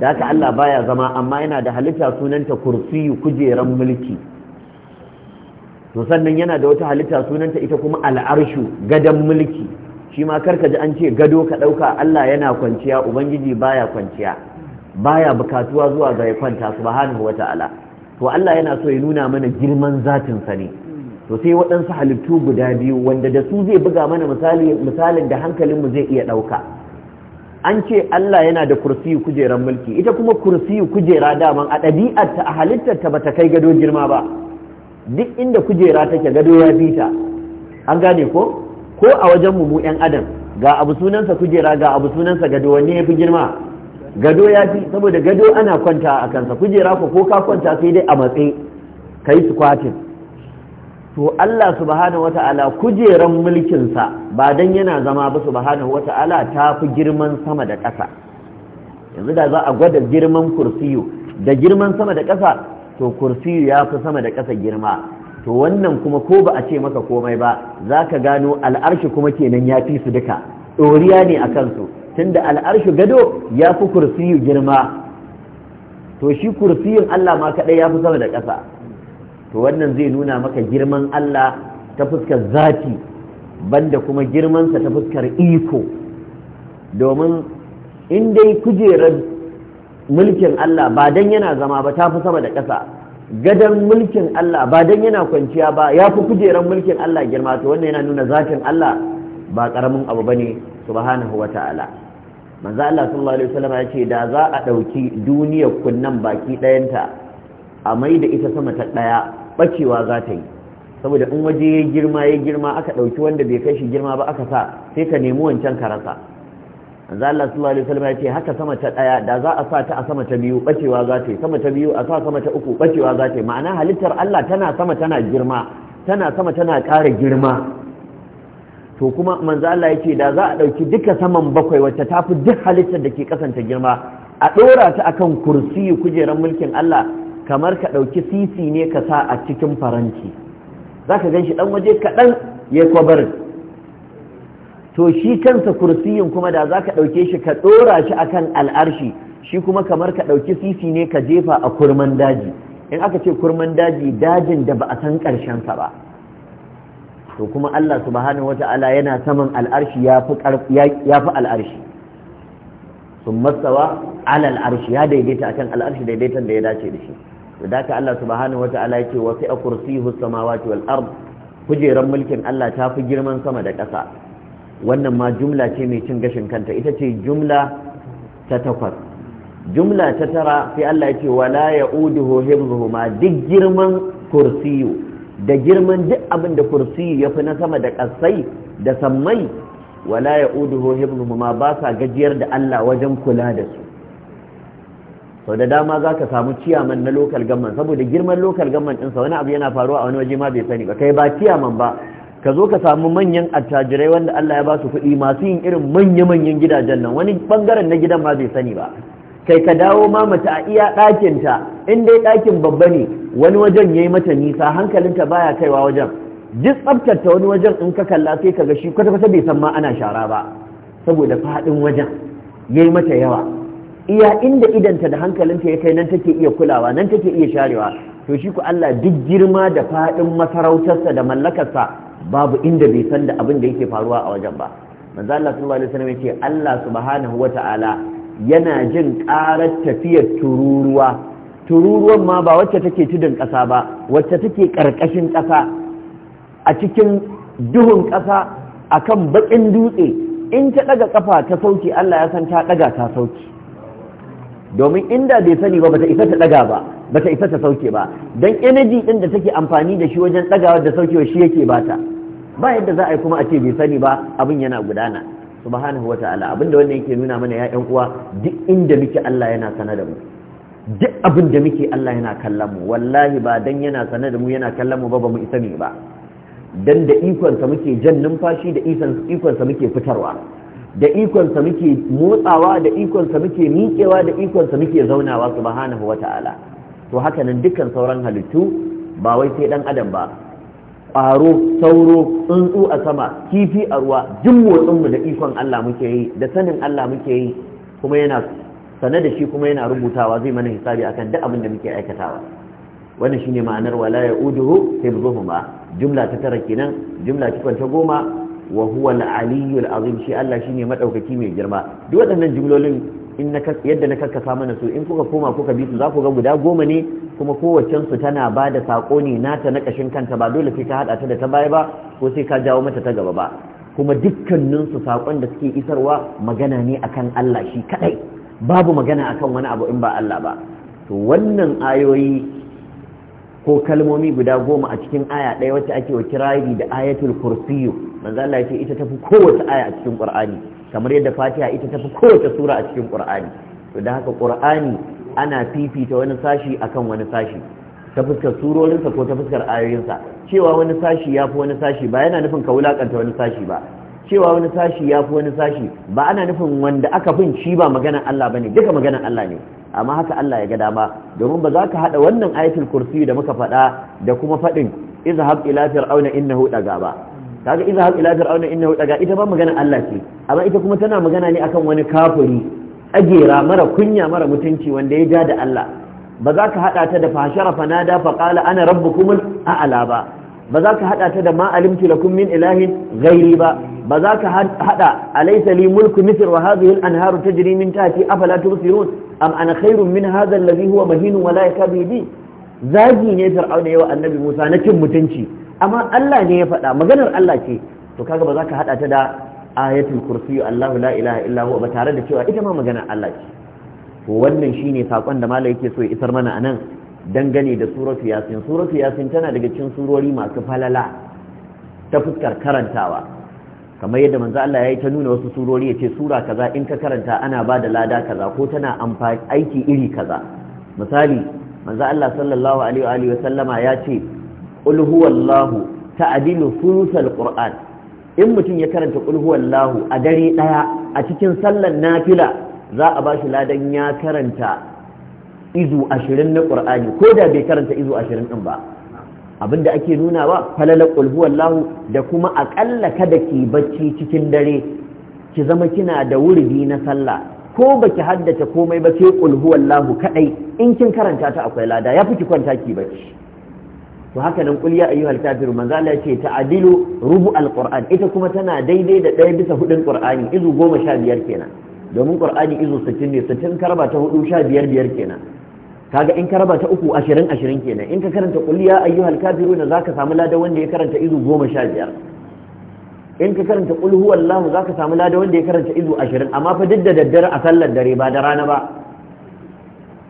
da haka Allah baya zama amma yana da halitta sunanta kursiyu kujeran mulki to sannan yana da wata halitta sunanta ita kuma al'arshu gadan mulki shi ma karka ji an ce gado ka ɗauka Allah yana kwanciya ubangiji baya kwanciya baya bukatuwa zuwa ga ya kwanta subhanahu ta'ala to Allah yana so ya nuna mana girman zatin sa ne to sai waɗansu halittu guda biyu wanda da su zai buga mana misali misalin da hankalin mu zai iya ɗauka an ce Allah yana da kursi kujeran mulki ita kuma kursi kujera daman a ta a halittarta bata kai gado girma ba duk inda kujera take gado ya bita an gane ko ko a wajen mu yan adam ga abu sunansa kujera ga abu sunansa gado wanne ya fi girma gado ya fi saboda gado ana kwanta a kansa kujera ko ko ka kwanta sai dai a matse ka yi kwatin. to Allah subhanahu wata'ala kujeran mulkinsa ba dan yana zama ba subhanahu wata'ala ta fi girman sama da ƙasa yanzu da za a gwada girman kursiyu da girman sama da ƙasa to kursiyu ya fi sama da ƙasa girma to wannan kuma ko ba a ce maka komai ba za ka gano al'arshi kuma kenan ya fi su duka ɗoriya ne a kansu tunda al'arshi gado ya fi kursiyu girma to shi kursiyin Allah ma kaɗai ya fi sama da ƙasa to wannan zai nuna maka girman Allah ta fuskar zafi, banda kuma girmansa ta fuskar iko domin in dai kujerar mulkin Allah ba dan yana zama ba ta fi sama da ƙasa gadon mulkin Allah ba dan yana kwanciya ba ya fi kujerar mulkin Allah girma to wannan yana nuna zatin Allah ba karamin abu bane subhanahu ta'ala manzo Allah sallallahu alaihi wasallam ya ce da za a ɗauki duniyar kunnan baki ɗayanta, a mai da ita sama ta ɗaya, ɓacewa za ta yi saboda in waje ya girma ya girma aka ɗauki wanda bai kai shi girma ba aka sa sai ka nemi wancan karasa. rasa manzo Allah sallallahu ya ce haka sama ta daya da za a sa ta a sama ta biyu bacewa za ta yi sama ta biyu a sa sama ta uku bacewa za ta yi ma'ana halittar Allah tana sama tana girma tana sama tana ƙara girma to kuma manzo Allah ya ce da za a dauki duka saman bakwai wacce ta fi duk halittar da ke kasance girma a dora ta akan kursi kujeran mulkin Allah kamar ka dauki sisi ne ka sa a cikin faranti zaka gan shi dan waje kaɗan ya kwabar to shi kansa kursiyin kuma da zaka ka ɗauke shi ka ɗora shi akan al'arshi shi kuma kamar ka ɗauki sisi ne ka jefa a kurman daji in aka ce kurman daji dajin da ba a san ƙarshensa ba to kuma Allah subhanahu wata'ala yana saman al'arshi ya fi al'arshi sun matsawa alal arshi ya daidaita akan al'arshi daidaitan da ya dace da shi da ka Allah subhanahu wata'ala ya ce wasu a kursiyu samawati wal ard kujeran mulkin Allah ta fi girman sama da ƙasa wannan ma jumla ce mai cin gashin kanta ita ce jumla ta takwas jumla ta tara sai Allah ya ce wala ya'uduhu ma duk girman kursiyu da girman duk abin da kursiyu ya fi na sama da kasai da sammai wala ya'uduhu ma ba sa gajiyar da Allah wajen kula da su sau da dama za ka samu ciyaman na lokal gamman saboda girman lokal gamman ɗinsa wani abu yana faruwa a wani waje ma bai sani ba kai ba ciyaman ba ka zo ka samu manyan attajirai wanda Allah ya ba su kuɗi masu yin irin manya-manyan gidajen nan wani bangaren na gidan ma bai sani ba kai ka dawo ma mace a iya ɗakinta in dai ɗakin babba ne wani wajen ya yi mata nisa hankalinta baya kaiwa wajen duk tsabtata wani wajen in ka kalla sai ka ga shi kwata-kwata bai san ma ana shara ba saboda faɗin wajen ya yi mata yawa iya inda idanta da hankalinta ya kai nan take iya kulawa nan take iya sharewa to shi ku Allah duk girma da faɗin masarautarsa da mallakarsa babu inda bai san da abin da yake faruwa a wajen ba manzo Allah sallallahu alaihi wasallam yace Allah subhanahu wata'ala yana jin karar tafiyar tururuwa tururuwan ma ba wacce take tudun kasa ba wacce take karkashin kasa a cikin duhun kasa akan bakin dutse in ta daga kafa ta sauki Allah ya san ta daga ta sauki domin inda bai sani ba bata isa ta daga ba bata isa ta sauke ba don energy din da take amfani da shi wajen dagawa da saukewa shi yake bata ba yadda za a yi kuma a ce bai sani ba abin yana gudana subhanahu ta'ala. abinda wannan yake nuna mana ya uwa duk inda muke Allah yana sana da mu duk abin da muke Allah yana kallon mu wallahi ba dan yana sana da mu yana kallon mu ba ba mu isa ne ba dan da ikonsa muke jan numfashi da ikonsa muke fitarwa da ikonsa muke motsawa da ikonsa muke miƙewa da ikonsa muke zaunawa subhanahu ta'ala to haka nan dukkan sauran halittu ba wai sai dan adam ba ƙwaro sauro tsuntsu a sama kifi a ruwa jin motsinmu da ikon Allah muke yi da sanin Allah muke yi kuma yana sane da shi kuma yana rubutawa zai mana hisabi akan duk abin da muke aikatawa wannan shine ma'anar wala ya'uduhu hibzuhuma jumla ta tara kenan jumla ta kwanta goma wa huwa al-aliyyul azim shi Allah shine madaukaki mai girma duk waɗannan jumlolin in na yadda na karkasa mana su in kuka koma kuka bi su za ku ga guda goma ne kuma kowaccen su tana ba da sako ne nata na kashin kanta ba dole sai ka hada ta da ta baya ba ko sai ka jawo mata ta gaba ba kuma dukkanin su sakon da suke isarwa magana ne akan Allah shi kadai babu magana akan wani abu in ba Allah ba to wannan ayoyi ko kalmomi guda goma a cikin aya ɗaya wacce ake wa kirari da ayatul kursiyu manzo Allah ya ce ita tafi kowace aya a cikin Qur'ani kamar yadda fatiha ita tafi kowace sura a cikin qur'ani to da haka qur'ani ana fifita wani sashi akan wani sashi ta fuskar surorinsa ko ta fuskar ayoyinsa cewa wani sashi ya fi wani sashi ba yana nufin ka wulakanta wani sashi ba cewa wani sashi ya fi wani sashi ba ana nufin wanda aka fin shi ba maganan Allah bane duka magana Allah ne amma haka Allah ya ga dama domin ba za ka hada wannan ayatul kursi da muka faɗa da kuma faɗin izhab ila fir'auna innahu daga ba kaga idza hab ila fir'auna innahu daga ita ba magana Allah ce amma ita kuma tana magana ne akan wani kafiri ajera mara kunya mara mutunci wanda ya ja da Allah ba za ka hada ta da fashara fanada fa qala ana rabbukumul a'la ba ba za ka hada ta da ma alimtu lakum min ilahin ghairi ba ba za ka hada alaysa li mulku misr wa hadhihi al-anharu tajri min tahti afala tubsirun am ana khairun min hadha alladhi huwa mahin wa la yakadu bi zagi ne fir'auna yawa annabi Musa na cin mutunci amma Allah ne ya faɗa maganar Allah ce to kaga ba za ka haɗa ta da ayatul kursi Allahu la ilaha illa huwa ba tare da cewa ita ma maganar Allah ce to wannan shine sakon da malai yake so ya isar mana anan dangane da suratu yasin suratu yasin tana daga cikin surori masu falala ta fuskar karantawa kamar yadda manzo Allah ya yi ta nuna wasu surori ya ce sura kaza in ka karanta ana ba da lada kaza ko tana amfani aiki iri kaza misali manzo Allah sallallahu alaihi wa sallama ya ce qul huwallahu ta'dilu sulusal qur'an in mutum ya karanta qul huwallahu a dare daya a cikin sallar nafila za a bashi ladan ya karanta izu 20 na qur'ani ko da bai karanta izu 20 din ba abinda ake nuna wa falala qul huwallahu da kuma akalla kada ki bacci cikin dare ki zama kina da wurdi na sallah ko baki haddace komai ba sai qul huwallahu kadai in kin karanta ta akwai lada yafi ki kwanta ki bacci to haka nan kul ayyuhal kafir, manzo Allah ya ce ta'dilu rubu alquran ita kuma tana daidai da ɗaya bisa hudun qur'ani izu goma sha biyar kenan domin qur'ani izu sittin ne sittin karba ta hudu sha biyar biyar kenan kaga in karba ta uku ashirin ashirin kenan in ka karanta kul ya ayyuhal kafirun zaka samu Lada wanda ya karanta izu goma sha biyar in ka karanta kul huwallahu zaka samu Lada wanda ya karanta izu ashirin amma fa duk da daddare a sallar dare ba da rana ba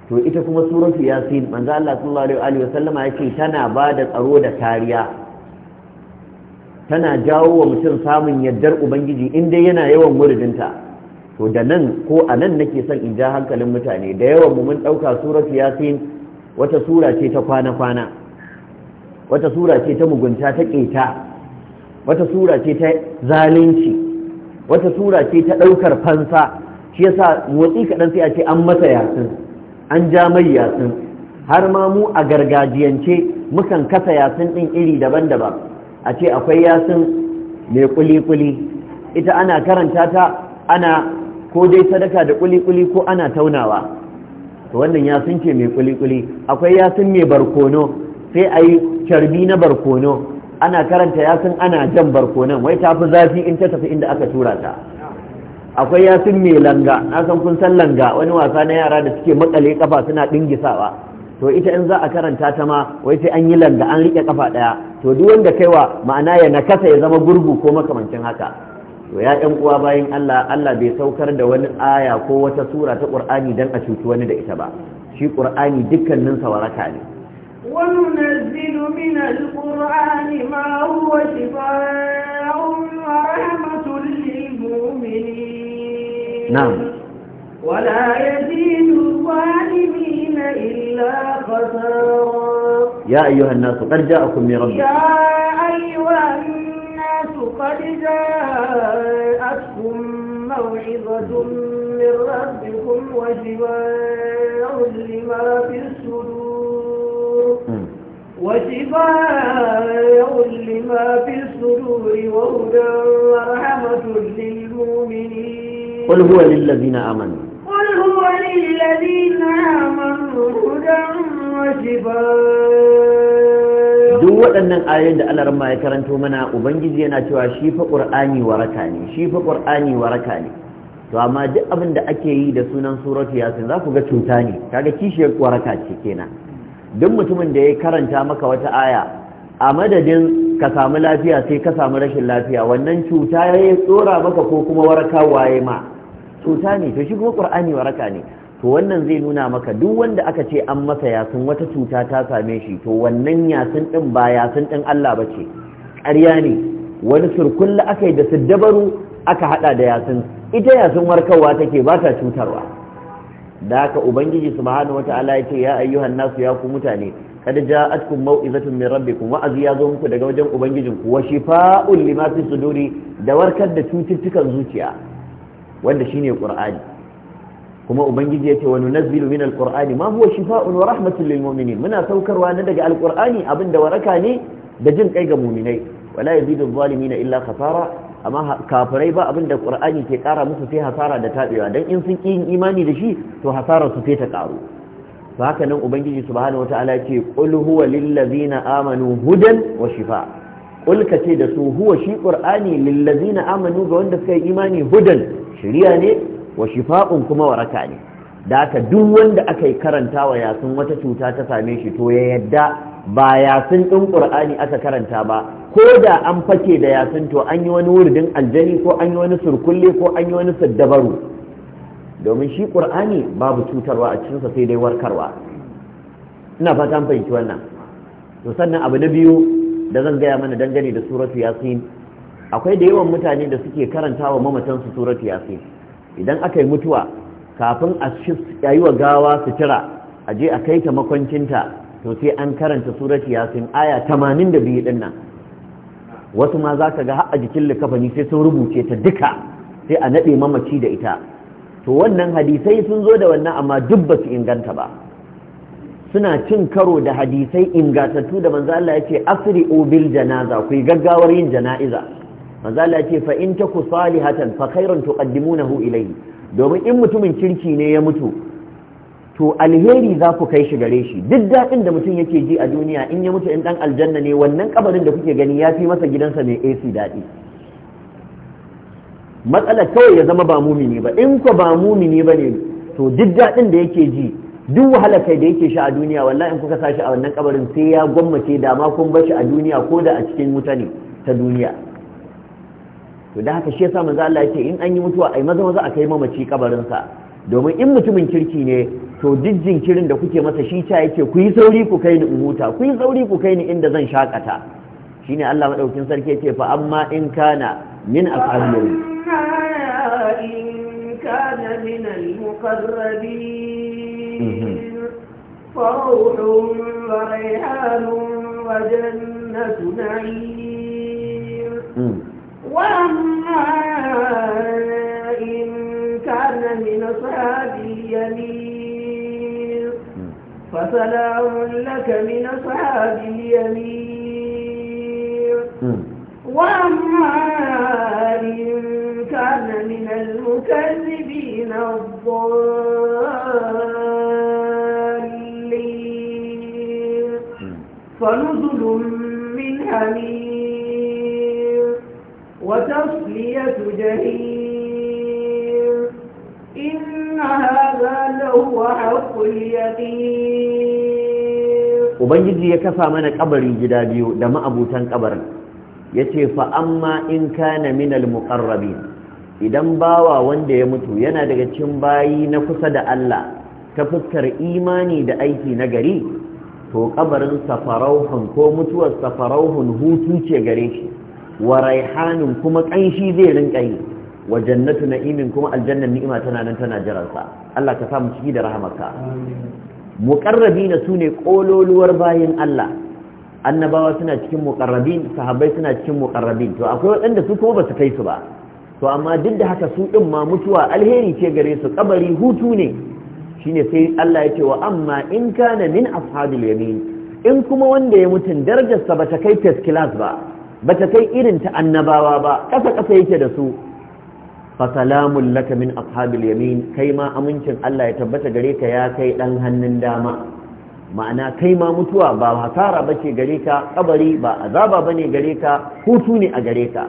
to ita kuma suratu yasin manzo Allah sallallahu alaihi wa sallama ce tana ba da tsaro da kariya tana jawo wa mutum samun yaddar ubangiji in dai yana yawan muridinta to da nan ko a nan nake son in ja hankalin mutane da yawan mu mun dauka suratu yasin wata sura ce ta kwana kwana wata sura ce ta mugunta ta keta wata sura ce ta zalunci wata sura ce ta daukar fansa shi yasa motsi kadan sai a ce an masa yasin an ja mai yatsun har ma mu a gargajiyance mukan kasa yatsun ɗin iri daban-daban a ce akwai yatsun mai kuli-kuli ita ana karanta ta ana ko dai sadaka da kuli-kuli ko ana taunawa to wannan yatsun ce mai kuli-kuli akwai yatsun mai barkono sai a yi carbi na barkono ana karanta yatsun ana jan barkonon wai ta fi zafi in ta tafi inda aka tura ta akwai yasin mai langa na san kun san langa wani wasa na yara da suke makale kafa suna dingisawa to ita in za a karanta ta ma wai sai an yi langa an rike kafa daya to duk wanda kaiwa ma'ana ya nakasa ya zama gurgu ko makamancin haka to ya ɗan uwa bayan Allah Allah bai saukar da wani aya ko wata sura ta Qur'ani dan a cuci wani da ita ba shi Qur'ani dukkanin sa waraka ne وننزل من القرآن ما هو شفاء ورحمة للمؤمنين نعم ولا يزيد الظالمين إلا خسارا يا أيها الناس قد جاءكم من ربكم يا أيها الناس قد جاءتكم موعظة من ربكم وشفاء لما في الصدور وشفاء لما في الصدور وهدى ورحمة للمؤمنين قل هو للذين آمنوا قل هو للذين آمنوا هدى وشفاء duk waɗannan ayoyin da Allah ya karanto mana ubangiji yana cewa shi fa qur'ani waraka ne shi fa qur'ani waraka ne to amma duk abin da ake yi da sunan suratu yasin za ku ga cuta ne kaga kishiyar waraka ce kenan duk mutumin da ya karanta maka wata aya a madadin ka samu lafiya sai ka samu rashin lafiya wannan cuta ya tsora maka ko kuma waraka waye ma cuta ne to shi kuma qur'ani waraka ne to wannan zai nuna maka duk wanda aka ce an masa yasin wata cuta ta same shi to wannan yasin din ba yasin din Allah bace ƙarya ne wani surkulla aka yi da siddabaru aka hada da yasin ita yasin warkarwa take ba ta cutarwa da haka ubangiji subhanahu wataala yace ya ayyuhan nasu ya ku mutane kad ja'atkum mau'izatun min rabbikum wa'azi ya zo muku daga wajen ubangijinku wa shifa'un lima fi suduri da warkar da cututtukan zuciya wanda shine ƙur'ani kuma ubangiji yace wa nunazzilu min alqur'ani ma huwa shifaa'un wa rahmatun lil mu'minin muna saukarwa na daga abin abinda waraka ne da jin kai ga mu'minai wala yazidu adh illa khasara amma kafirai ba abinda ƙur'ani ke kara musu sai hasara da tabewa dan in sun yin imani da shi to hasarar su sai ta karu to haka nan ubangiji subhanahu wataala yace qul huwa lil ladina amanu hudan wa Shifa. ulka ce da su huwa shi qur'ani lillazina amanu ga wanda suka yi imani hudan shiriya ne wa shifa'un kuma waraka ne da haka duk wanda aka yi karantawa yasin wata cuta ta same shi to ya yadda ba yasin din qur'ani aka karanta ba ko da an fake da yasin to an yi wani wurdin aljani ko an yi wani surkulle ko an yi wani saddabaru domin shi qur'ani babu cutarwa a cikinsa sai dai warkarwa ina fatan fahimci wannan to sannan abu na biyu da zan gaya mana dangane da suratu yasin akwai da yawan mutane da suke karanta wa mamatansu suratu yasin idan aka yi mutuwa kafin a yi wa gawa su tira a je a kai ta makwancinta to sai an karanta suratu yasin aya da biyu nan wasu ma za ka ga har a jikin likafani sai sun rubuce ta duka sai a naɗe mamaci da ita to wannan hadisai sun zo da wannan amma duk ba su inganta ba suna cin karo da hadisai ingatattu da manzo Allah ya ce asri'u janaza ku gaggawar yin jana'iza manzo Allah ya ce fa in taku salihatan fa khairun tuqaddimunahu ilayhi domin in mutumin kirki ne ya mutu to alheri za ku kai shi gare shi duk daɗin da mutum yake ji a duniya in ya mutu in dan aljanna ne wannan kabarin da kuke gani ya fi masa gidansa mai AC daɗi matsala kawai ya zama ba mumini ba in ko ba mumini ba ne to duk daɗin da yake ji duk wahalar kai da yake shi a duniya wallahi in kuka sa shi a wannan kabarin sai ya gwammace da ma kun bar shi a duniya ko da a cikin wuta ne ta duniya to da haka shi yasa manzo Allah yake in an yi mutuwa ai maza maza a kai mamaci kabarin sa domin in mutumin kirki ne to duk jinkirin da kuke masa shi ta yake ku yi sauri ku kai ni in huta ku yi sauri ku kai ni inda zan shakata shine Allah madaukin sarki yake fa amma in kana min ashabihi in kana min al-muqarrabin فروح وريحان وجنة نعيم وأما إن كان من أصحاب اليمين فسلام لك من أصحاب اليمين وأما إن كان من المكذبين الضالين فنزل من حميم وتصلية جهيم إن هذا لهو حق اليقين وبنجي يكفى من قبري جدابي دم أبو تن قبري ya ce fa'amma in kana minal muƙarrabi idan bawa wanda ya mutu yana daga cikin bayi na kusa da Allah ta fuskar imani da aiki na gari to kabarin safarauhun ko mutuwar safarauhun hutu ce gare shi wa raihanin kuma kanshi zai rinka yi wa jannatu na'imin kuma aljannan ni'ima tana nan tana jiransa Allah ka sa mu ciki da rahamarka muqarrabina sune kololuwar bayin Allah annabawa suna cikin muqarrabin sahabbai suna cikin muqarrabin to akwai waɗanda su kuma ba su kai su ba to amma duk da haka su din ma mutuwa alheri ce gare su kabari hutu ne shine sai Allah ya ce wa amma in kana min ashabil yamin in kuma wanda ya mutun darajarsa bata kai first class ba bata kai irin ta annabawa ba kasa kasa yake da su fa salamun laka min ashabil yamin kai ma amincin Allah ya tabbata gare ka ya kai dan hannun dama ma'ana kai ma mutuwa ba hasara bace gare ka kabari ba azaba bane gare ka hutu ne a gare ka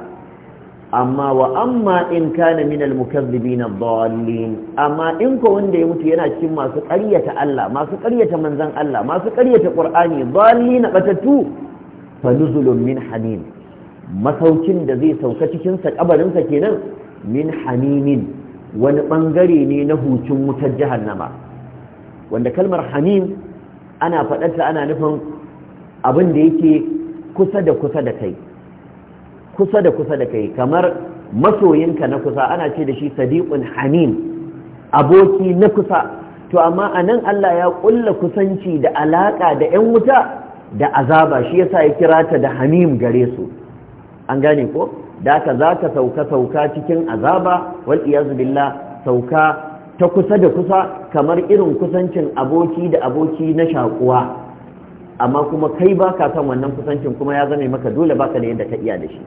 amma wa amma in kana min al-mukazzibin ad-dallin amma in ko wanda ya mutu yana cikin masu ƙaryata Allah masu ƙaryata manzon Allah masu ƙaryata Qur'ani dallin batatu fa nuzulun min hamim masaukin da zai sauka cikin sa kabarin sa kenan min hamimin wani bangare ne na hucin wutar jahannama wanda kalmar hamim ana faɗarta ana nufin abin da yake kusa da kusa da kai kusa da kusa da kai kamar masoyinka na kusa ana ce da shi sadiqun hamim aboki na kusa to amma a nan Allah ya ƙulla kusanci da alaƙa da 'yan wuta da azaba shi yasa ya kira ta da hamim gare su an gane ko da ka za ka sauka sauka cikin azaba wal billah sauka ta kusa da kusa kamar irin kusancin aboki da aboki na shakuwa amma kuma kai ba ka san wannan kusancin kuma ya zame maka dole baka da yadda ka iya da shi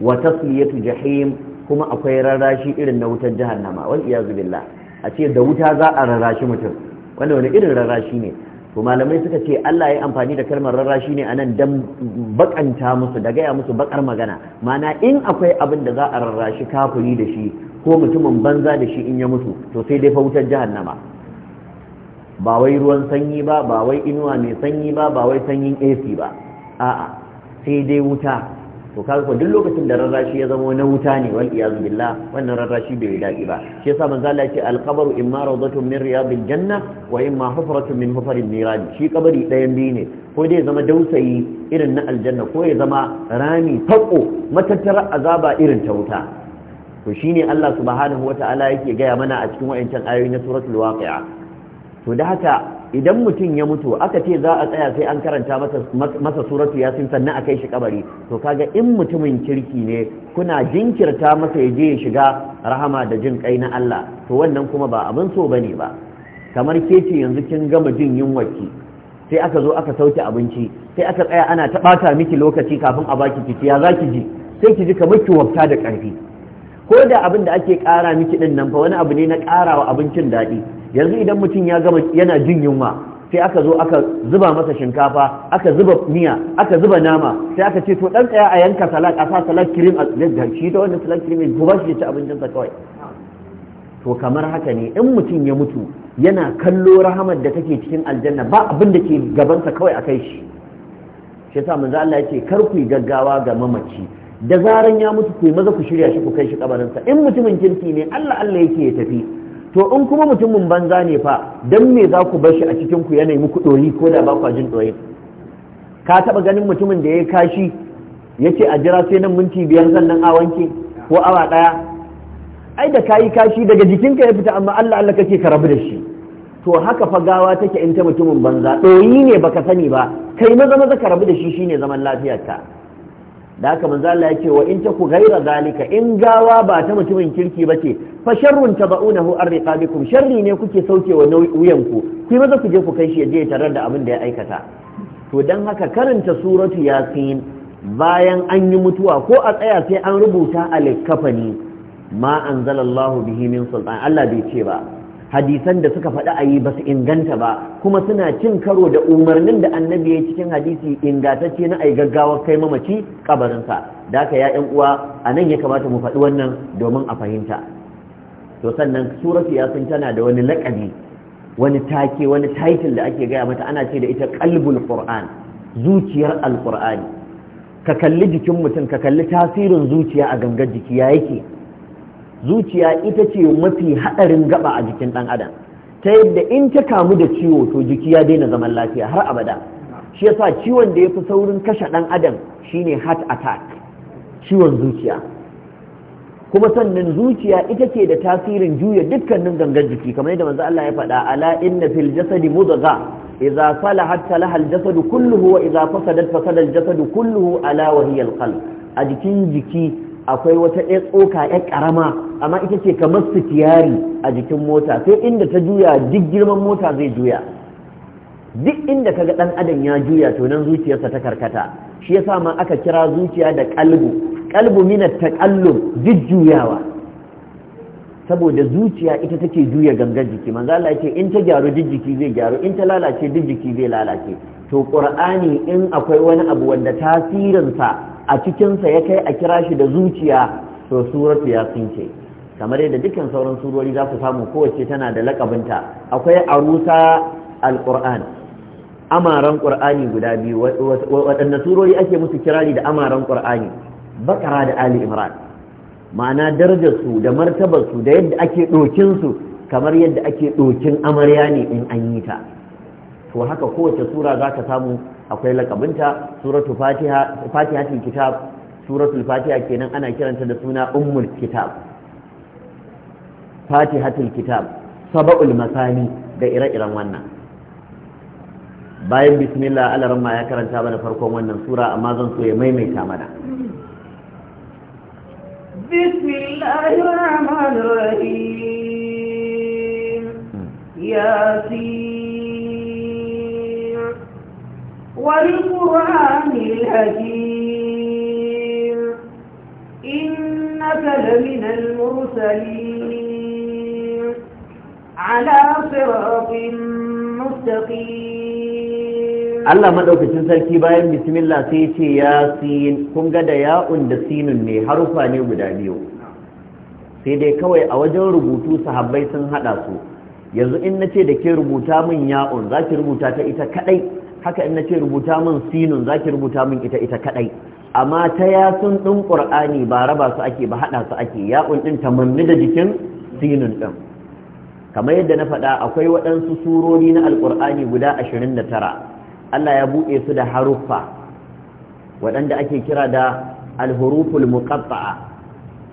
wa tasliyatu jahim kuma akwai rarashi irin na wutar jahannama wal iyazu billah a ce da wuta za a rarrashi mutum wanda wani irin rarashi ne to malamai suka ce Allah ya amfani da kalmar rarashi ne anan dan bakanta musu da gaya musu bakar magana mana in akwai abin da za a rarrashi kafuri da shi ko mutumin banza da shi in ya mutu to sai dai fa wutar jahannama ba wai ruwan sanyi ba ba wai inuwa mai sanyi ba ba wai sanyin AC ba a'a sai dai wuta to kaga duk lokacin da rarrashi ya zama na wuta ne wal iyazu billah wannan rarrashi bai yi dadi ba shi yasa manzo Allah yace al qabru imma rawdatun min riyadil janna wa imma hufratun min hufarin niran shi kabari dayan biyu ne ko dai zama dausayi irin na aljanna ko ya zama rami fako matattara azaba irin ta wuta to shine Allah subhanahu wataala yake gaya mana a cikin wayancan ayoyi na suratul waqi'a to da haka idan mutum ya mutu aka ce za a tsaya sai an karanta masa suratu ya sun sannan a kai shi kabari to kaga in mutumin kirki ne kuna jinkirta masa ya je ya shiga rahama da jin kai na Allah to wannan kuma ba abin so bane ba kamar ke ce yanzu kin gama jin yunwaki sai aka zo aka sauke abinci sai aka tsaya ana ta bata miki lokaci kafin a baki kici za ki ji sai ki ji kamar ki wafta da karfi ko da abin da ake kara miki din nan fa wani abu ne na karawa abincin daɗi yanzu idan mutum ya gama yana jin yunwa sai aka zo aka zuba masa shinkafa aka zuba miya aka zuba nama sai aka ce to dan tsaya a yanka salak a sa salak kirim a shi ta wannan salak kirim ko ba shi ya ci abincinsa kawai to kamar haka ne in mutum ya mutu yana kallo rahamar da take cikin aljanna ba abin da ke gabansa kawai a kai shi shi yasa manzo Allah yake kar ku gaggawa ga mamaci da zaran ya mutu ku maza ku shirya shi ku kai shi kabarinsa in mutumin kirki ne Allah Allah yake ya tafi to in kuma mutumin banza ne fa dan me za ku bar shi a cikin ku yana muku doyi ko da ba ku jin doyi ka taba ganin mutumin da ya kashi yace a jira sai nan minti biyar sannan a wanke ko awa daya ai da kayi kashi daga jikinka ya fita amma Allah Allah kake ka rabu da shi to haka fa gawa take in ta mutumin banza doyi ne baka sani ba kai maza maza ka rabu da shi shine zaman lafiyarka da haka manzo Allah yake wa in taku ghaira zalika in gawa ba ta mutumin kirki ba ce. fa sharrun tabaunahu an riqabikum sharri ne kuke sauke wa nauyin ku kuma maza ku je ku kai shi je tarar da abin da ya aikata to dan haka karanta suratu yasin bayan an yi mutuwa ko a tsaya sai an rubuta a ma anzalallahu bihi min sultan Allah bai ce ba hadisan da suka faɗi a yi ba su inganta ba kuma suna cin karo da umarnin da annabi ya cikin hadisi ingantacce na ai gaggawa kai mamaci kabarinsa da haka ya uwa a nan ya kamata mu faɗi wannan domin a fahimta to sannan ya sun tana da wani laƙabi wani take wani title da ake gaya mata ana ce da ita qalbul qur'an zuciyar alqur'ani ka kalli jikin mutum ka kalli tasirin zuciya a gangar jiki ya yake zuciya ita ce mafi haɗarin gaba a jikin ɗan adam ta yadda in ta kamu da ciwo to jiki ya daina zaman lafiya har abada shi yasa ciwon da ya fi saurin kashe ɗan adam shine heart attack ciwon zuciya kuma sannan zuciya ita ke da tasirin juya dukkanin gangan jiki kamar yadda manzo Allah ya faɗa ala inna fil jasadi mudgha idza salahat salaha al jasadu kulluhu wa idza fasadat fasada al jasadu kulluhu ala wa hiya al qalb a jikin jiki akwai wata ɗaya tsoka ɗaya ƙarama amma ita ce kamar sitiyari a jikin mota sai inda ta juya duk girman mota zai juya duk inda kaga ɗan adam ya juya to nan zuciyarsa ta karkata shi yasa ma aka kira zuciya da kalbu kalbu minat duk juyawa, saboda zuciya ita take juya gangan jiki manzo Allah in ta gyaru jiki zai gyaru in ta lalace jiki zai lalace to qur'ani in akwai wani abu wanda tasirinsa a cikinsa ya kai a kira shi da zuciya to suratu ya ce kamar yadda dukkan sauran surori za su samu kowace tana da lakabinta akwai arusa alkur'an amaran qur'ani guda biyu waɗanne surori ake musu kirari da amaran qur'ani bakara da ali imran ma'ana darajar su da martabarsu da yadda ake ɗokinsu, kamar yadda ake ɗokin amarya ne in an yi ta to haka kowace sura za ka samu akwai lakabinta suratu fatiha fatihatul kitab suratul fatiha kenan ana kiranta da suna ummul kitab fatihatul kitab saba'ul masani da ire-iren wannan bayan bismillah alaran ma ya karanta mana farkon wannan sura amma zan so ya maimaita mana bismillahir rahmanir rahim hmm. ya والقرآن الهجير إنك لمن المرسلين على صراط مستقيم Allah maɗaukacin sarki bayan bismillah sai ce ya sin kun ga da ya'un da sinun ne harufa ne guda biyu sai dai kawai a wajen rubutu sahabbai sun haɗa su yanzu in na ce da ke rubuta min ya'un za ki rubuta ta ita kadai haka in nace rubuta min sinun zaki rubuta min ita ita kadai amma ta sun din qur'ani ba raba su ake ba hada su ake ya'un din tamanni da jikin sinun din kamar yadda na faɗa akwai waɗansu surori na alqur'ani guda 29 Allah ya buɗe su da haruffa waɗanda ake kira da alhuruful muqatta'a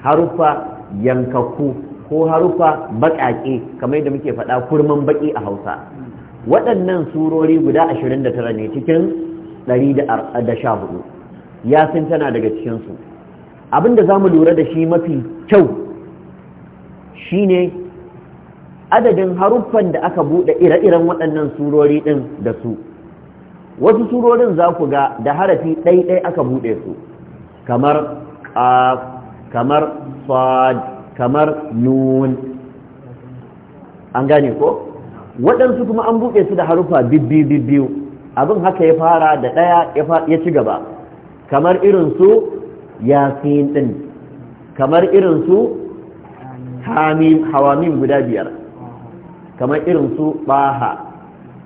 haruffa yankakku ko haruffa baƙaƙe kamar yadda muke faɗa kurman baƙi a Hausa waɗannan surori guda 29 ne cikin sha 114 sun tana daga cikinsu abinda za mu lura da shi mafi kyau shi ne adadin haruffan da aka buɗe ire-iren waɗannan surori ɗin da su wasu surorin za ku ga da harafi ɗaiɗai aka buɗe su kamar ƙaf kamar fad kamar nun an gane ko waɗansu kuma an buɗe su da harufa biyu abin haka ya fara da ɗaya ya ci gaba kamar irin su yasin ɗin kamar irin su guda biyar kamar irin su ɓaha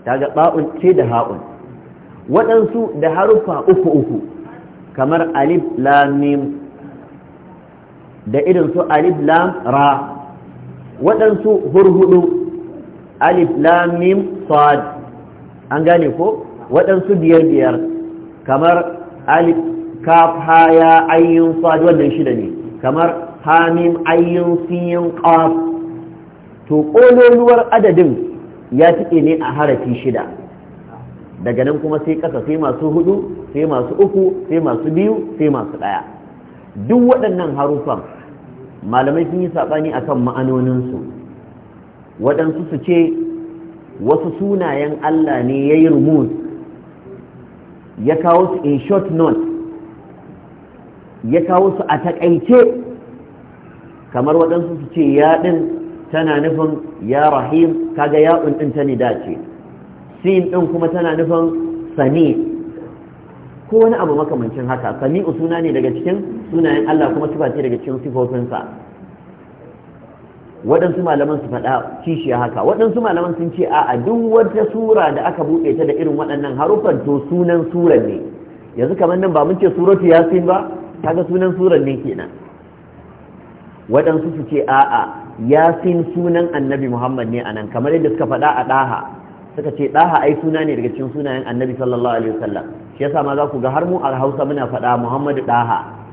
daga ɓa'un ce da ha'un waɗansu da harufa uku uku kamar alif lamim da irin su alif lam ra waɗansu hurhudu alif lam mim sad an gane ko waɗansu biyar biyar kamar alif kaf ha ayyun sad wannan shida ne kamar ha ayyun sin qaf to kololuwar adadin ya tike ne a harafi shida daga nan kuma sai ƙasa sai masu hudu sai masu uku sai masu biyu sai masu ɗaya. duk waɗannan harufan malamai sun yi saɓani akan ma'anoninsu waɗansu su ce wasu sunayen Allah ne ya yi rumus ya kawo su in short note ya kawo su a taƙaice kamar waɗansu su ce ya ɗin tana nufin ya rahim kaga ya ɗin ta ne dace sin ɗin kuma tana nufin sani ko wani abu makamancin haka sani suna ne daga cikin sunayen Allah kuma sifa ce daga cikin sifofinsa waɗansu malaman su faɗa kishiya haka waɗansu malaman sun ce a duk wata sura da aka buɗe ta da irin waɗannan haruffan to sunan suran ne yanzu kamar nan ba mun ce suratu yasin ba kaga sunan suran ne kenan waɗansu su ce a'a yasin sunan annabi muhammad ne anan kamar yadda suka faɗa a ɗaha suka ce ɗaha ai suna ne daga cikin sunayen annabi sallallahu alaihi wasallam shi yasa ma za ku ga har mu a hausa muna faɗa muhammadu ɗaha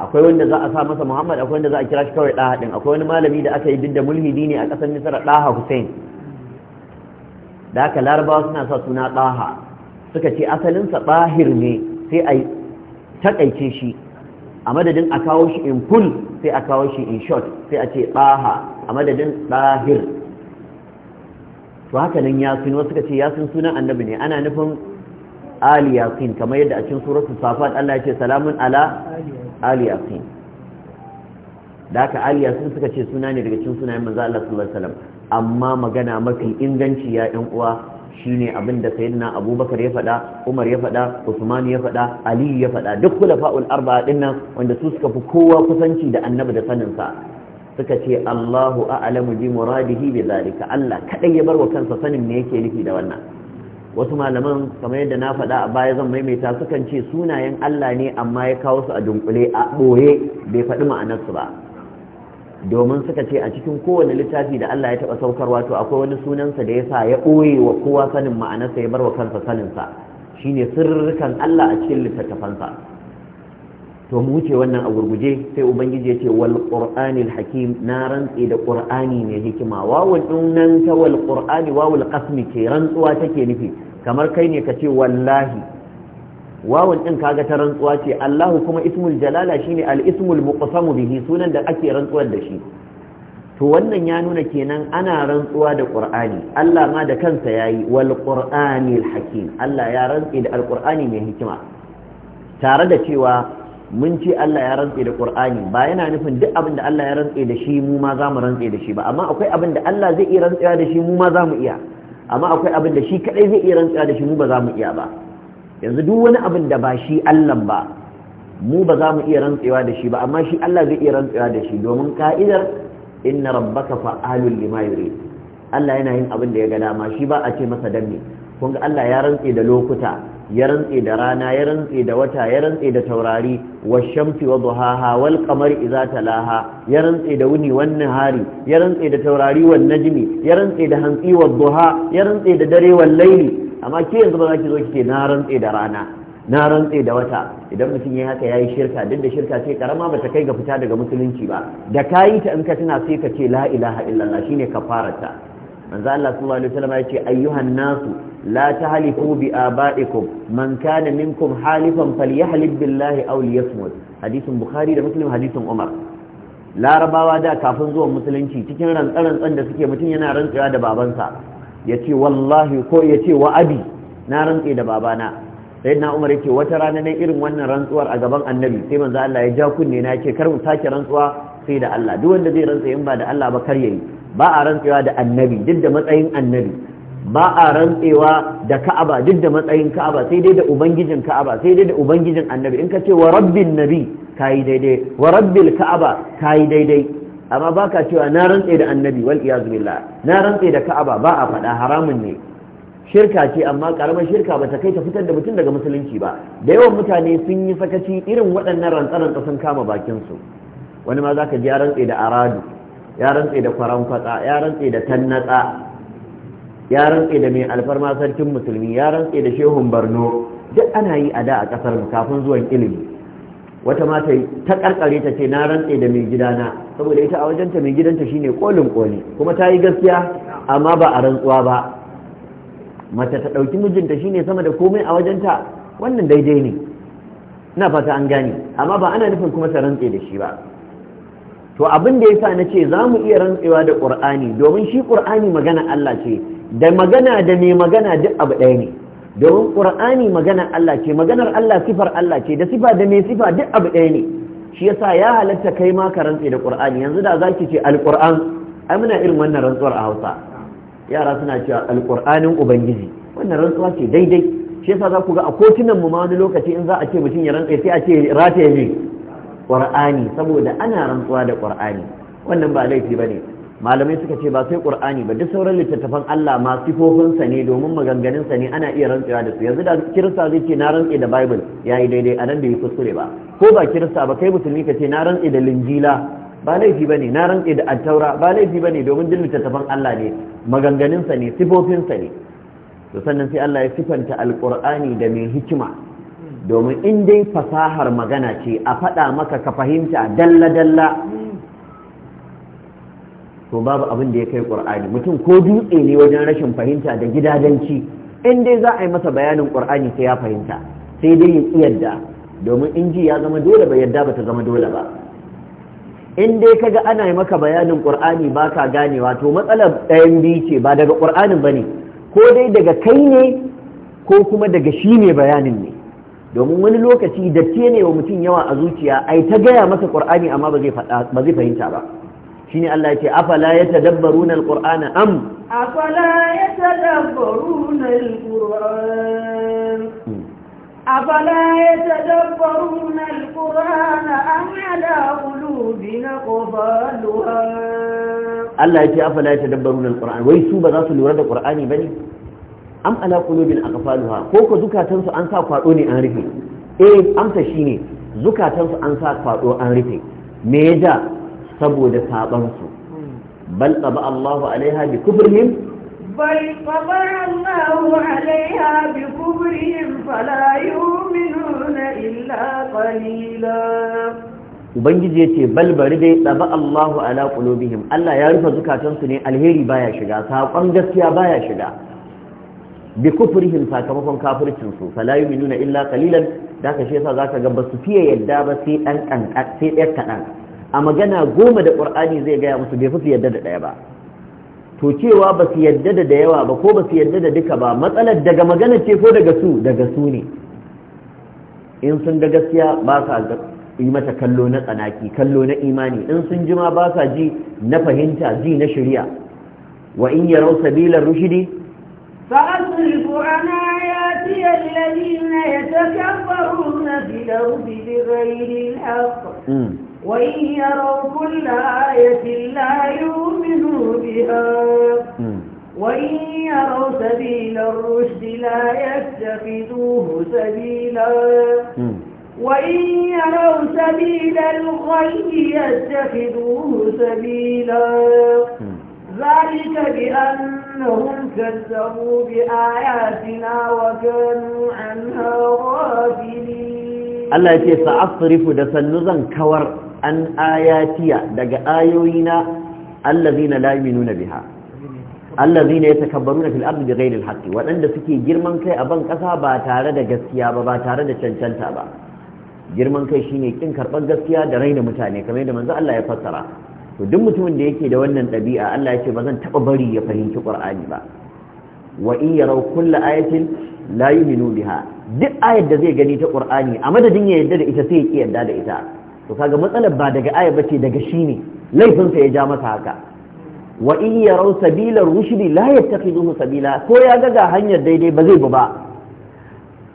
akwai wanda za a sa masa muhammad akwai wanda za a kira shi kawai ɗaha ɗin akwai wani malami da aka yi duk da mulhidi ne a ƙasar misira ɗaha hussein da aka larabawa suna sa suna ɗaha suka ce asalinsa ɗahir ne sai a taƙaice shi a madadin a kawo shi in full sai a kawo shi in short sai a ce ɗaha a madadin ɗahir to haka nan yasin wasu suka ce yasin sunan annabi ne ana nufin ali yasin kamar yadda a cikin suratul safat Allah ya ce salamun ala ali da suka ce suna ne daga cikin sunayen manzo Allah sallallahu alaihi wasallam amma magana mafi inganci ya ɗan uwa shine abin da sayyidina abubakar ya faɗa umar ya faɗa usman ya faɗa ali ya faɗa duk kulafa'ul arba'a din nan wanda su suka fi kowa kusanci da annabi da sanin sa suka ce Allahu a'lamu bi muradihi bi zalika Allah kadai ya bar wa kansa sanin me yake nufi da wannan wasu malaman kamar yadda na faɗa a baya zan maimaita sukan ce sunayen Allah ne amma ya kawo su a dunkule a ɓoye bai faɗi ma'anarsu ba domin suka ce a cikin kowane littafi da Allah ya taɓa saukarwa to akwai wani sunansa da ya sa ya ɓoye wa kowa sanin ma'anarsa ya bar wa kansa saninsa shine sirrikan Allah a cikin littattafansa to mu wuce wannan a gurguje sai ubangiji ya ce wal qur'anil hakim na rantsi da qur'ani mai hikima wawul din nan ta wal qur'ani wawul qasmi ke rantsuwa take nufi kamar kai ne ka ce wallahi wawun din kaga ta rantsuwa ce Allahu kuma ismul jalala shine al ismul muqsamu bihi sunan da ake rantsuwar da shi to wannan ya nuna kenan ana rantsuwa da qur'ani Allah ma da kansa yayi wal qur'anil hakim Allah ya rantsi da alqur'ani mai hikima tare da cewa mun ce Allah ya rantse da Qur'ani ba yana nufin duk abin da Allah ya rantse da shi mu ma za mu rantse da shi ba amma akwai abin da Allah zai iya rantsewa da shi mu ma za mu iya amma akwai abin da shi kadai zai iya rantsewa da shi mu ba za mu iya ba yanzu duk wani abin da ba shi Allah ba mu ba za mu iya rantsewa da shi ba amma shi Allah zai iya rantsewa da shi domin ka'idar inna rabbaka fa'alul lima yurid Allah yana yin abin da ya ga dama shi ba a ce masa danne kun ga Allah ya rantse da lokuta ya rantse da rana ya rantse da wata ya rantse da taurari wa washamsi wa duhaha wal qamari idza talaha ya rantse da wuni wan hari ya rantse da taurari wan najmi ya rantse da hantsi wa duha ya rantse da dare wal laili amma ke yanzu ba za ki zo ki ce na rantse da rana na rantse da wata idan mutum ya haka yayi shirka duk da shirka ce karama ba ta kai ga fita daga musulunci ba da kayi ta in ka tana sai ka ce la ilaha illallah shine kafarata manzo Allah sallallahu alaihi wasallam yace ayyuhan nasu la tahliku bi abaikum man kana minkum halifan falyahlib billahi aw liyasmut hadisin bukhari da muslim hadisin umar larabawa da kafin zuwan musulunci cikin rantsan da suke mutum yana rantsuwa da babansa yace wallahi ko yace wa abi na rantse da babana sai na umar yake wata rana ne irin wannan rantsuwar a gaban annabi sai manzo Allah ya ja kunne na yake kar mu sake rantsuwa sai da Allah duk wanda zai rantsa in ba da Allah ba kar yayi ba a rantsewa da annabi duk da matsayin annabi ba a rantsewa da ka'aba duk da matsayin ka'aba sai dai da ubangijin ka'aba sai dai da ubangijin annabi in ka ce wa rabbin nabi kayi daidai wa rabbil ka'aba kayi daidai amma ba cewa na rantse da annabi wal iyazu billah na rantse da ka'aba ba a faɗa haramun ne shirka ce amma karamar shirka ba ta kai ta fitar da mutum daga musulunci ba da yawan mutane sun yi sakaci irin waɗannan rantsarantsa sun kama bakinsu wani ma za ka ji a rantse da aradu ya rantse da kwaran fata ya rantse da tannatsa ya rantse da mai alfarma sarkin musulmi ya rantse da shehun barno duk ana yi a da a kasar mu kafin zuwan ilimi wata mata ta karkare ta ce na rantse da mai gidana saboda ita a wajenta mai gidanta shine kolin koli kuma ta yi gaskiya amma ba a rantsuwa ba mace ta ɗauki mijinta shine sama da komai a wajenta wannan daidai ne ina fata an gane amma ba ana nufin kuma ta rantse da shi ba to abin da yasa na ce za mu iya rantsewa da ƙur'ani domin shi ƙur'ani magana Allah ce da magana da mai magana duk abu ɗaya ne domin ƙur'ani magana Allah ce maganar Allah sifar Allah ce da sifa da mai sifa duk abu ɗaya ne shi yasa ya halatta kai ma ka rantse da ƙur'ani yanzu da zaki ce alƙur'an ai muna irin wannan rantsuwar a Hausa yara suna cewa alƙur'anin ubangiji wannan rantsuwa ce daidai shi yasa za ku ga a kotunan mu ma wani lokaci in za a ce mutum ya rantse sai a ce rataye ne ƙur'ani saboda ana rantsuwa da ƙur'ani wannan ba laifi ba ne malamai suka ce ba sai ƙur'ani ba duk sauran littattafan Allah ma sifofinsa ne domin maganganunsa ne ana iya rantsuwa da su yanzu da kirista zai ce na rantse da bible ya yi daidai a nan da ya kuskure ba ko ba kirista ba kai musulmi ka ce na rantse da linjila ba laifi ba ne na rantse da attaura ba laifi ba ne domin duk littattafan Allah ne maganganunsa ne sifofinsa ne to sannan sai Allah ya sifanta alƙur'ani da mai hikima domin in dai fasahar magana ce a faɗa maka ka fahimta dalla-dalla to babu abin da ya kai ƙur'ani mutum ko dutse ne wajen rashin fahimta da gidajenci in dai za a yi masa bayanin ƙur'ani sai ya fahimta sai dai ya yadda domin in ji ya zama dole ba yadda ba ta zama dole ba in dai ka ga ana yi maka bayanin ƙur'ani ba ka ganewa to matsalar ɗayan biyu ce ba daga ƙur'anin ba ne ko dai daga kai ne ko kuma daga shi ne bayanin ne domin wani lokaci da ne wa mutum yawa a zuciya ai ta gaya masa qur'ani amma ba zai fahimta ba shine Allah yake afala yatadabbaruna alqur'ana am afala yatadabbaruna alqur'an hmm. afala yatadabbaruna alqur'ana am ala qulubina qadaluha Allah yake afala yatadabbaruna alqur'an wai su ba za su lura da qur'ani bane am ala qulubin aqfaluha ko ko zukatan su an sa kwado ne an rufe eh amsa shi ne. Zukatansu an sa kwado an rufe me ya da? saboda saban bal qaba Allahu alaiha bi kufrihim bal qaba Allahu alaiha bi kufrihim fala yu'minuna illa qalila ubangiji ya ce bal bari dai ɗaba Allahu ala qulubihim Allah ya rufe zukatansu ne alheri baya shiga saƙon gaskiya baya shiga bi kufrihim sakamakon kafircin su fala yu'minuna illa qalilan da ka yasa zaka ga basu fiye yadda ba sai dan kankan sai ɗaya kadan a magana goma da qur'ani zai gaya musu bai fi yadda da ɗaya ba to cewa ba su yadda da yawa ba ko ba su yadda da duka ba matsalar daga magana ce ko daga su daga su ne in sun ga gaskiya ba sa yi mata kallo na tsanaki kallo na imani in sun jima ba sa ji na fahimta ji na shari'a wa in yarau sabilar rushidi فأصرف عن آياتي الذين يتكبرون في الأرض بغير الحق وإن يروا كل آية لا يؤمنوا بها وإن يروا سبيل الرشد لا يتخذوه سبيلا وإن يروا سبيل الغي يتخذوه سبيلا ذلك بأن انهم كذبوا باياتنا وكانوا عنها غافلين الله يتي ساصرف ده سنزن كور ان اياتيا daga ayoyina na la yu'minuna biha allazina yatakabbaruna fil ardi bighayri al haqqi wadanda suke girman kai a ban ƙasa ba tare da gaskiya ba ba tare da cancanta ba girman kai shi ne ƙin karɓar gaskiya da raina mutane kamar da manzo Allah ya fassara to duk mutumin da yake da wannan ɗabi'a Allah ya ce ba zan taɓa bari ya fahimci Qur'ani ba wa in kulla ayatin la yu'minu biha duk ayar da zai gani ta Qur'ani a madadin ya yarda da ita sai ya ki yadda da ita to kaga matsalar ba daga ayar bace daga shi ne laifinsa ya ja masa haka wa in yaraw sabila rushdi la yattakhidhuhu sabila ko ya ga ga hanyar daidai ba zai bi ba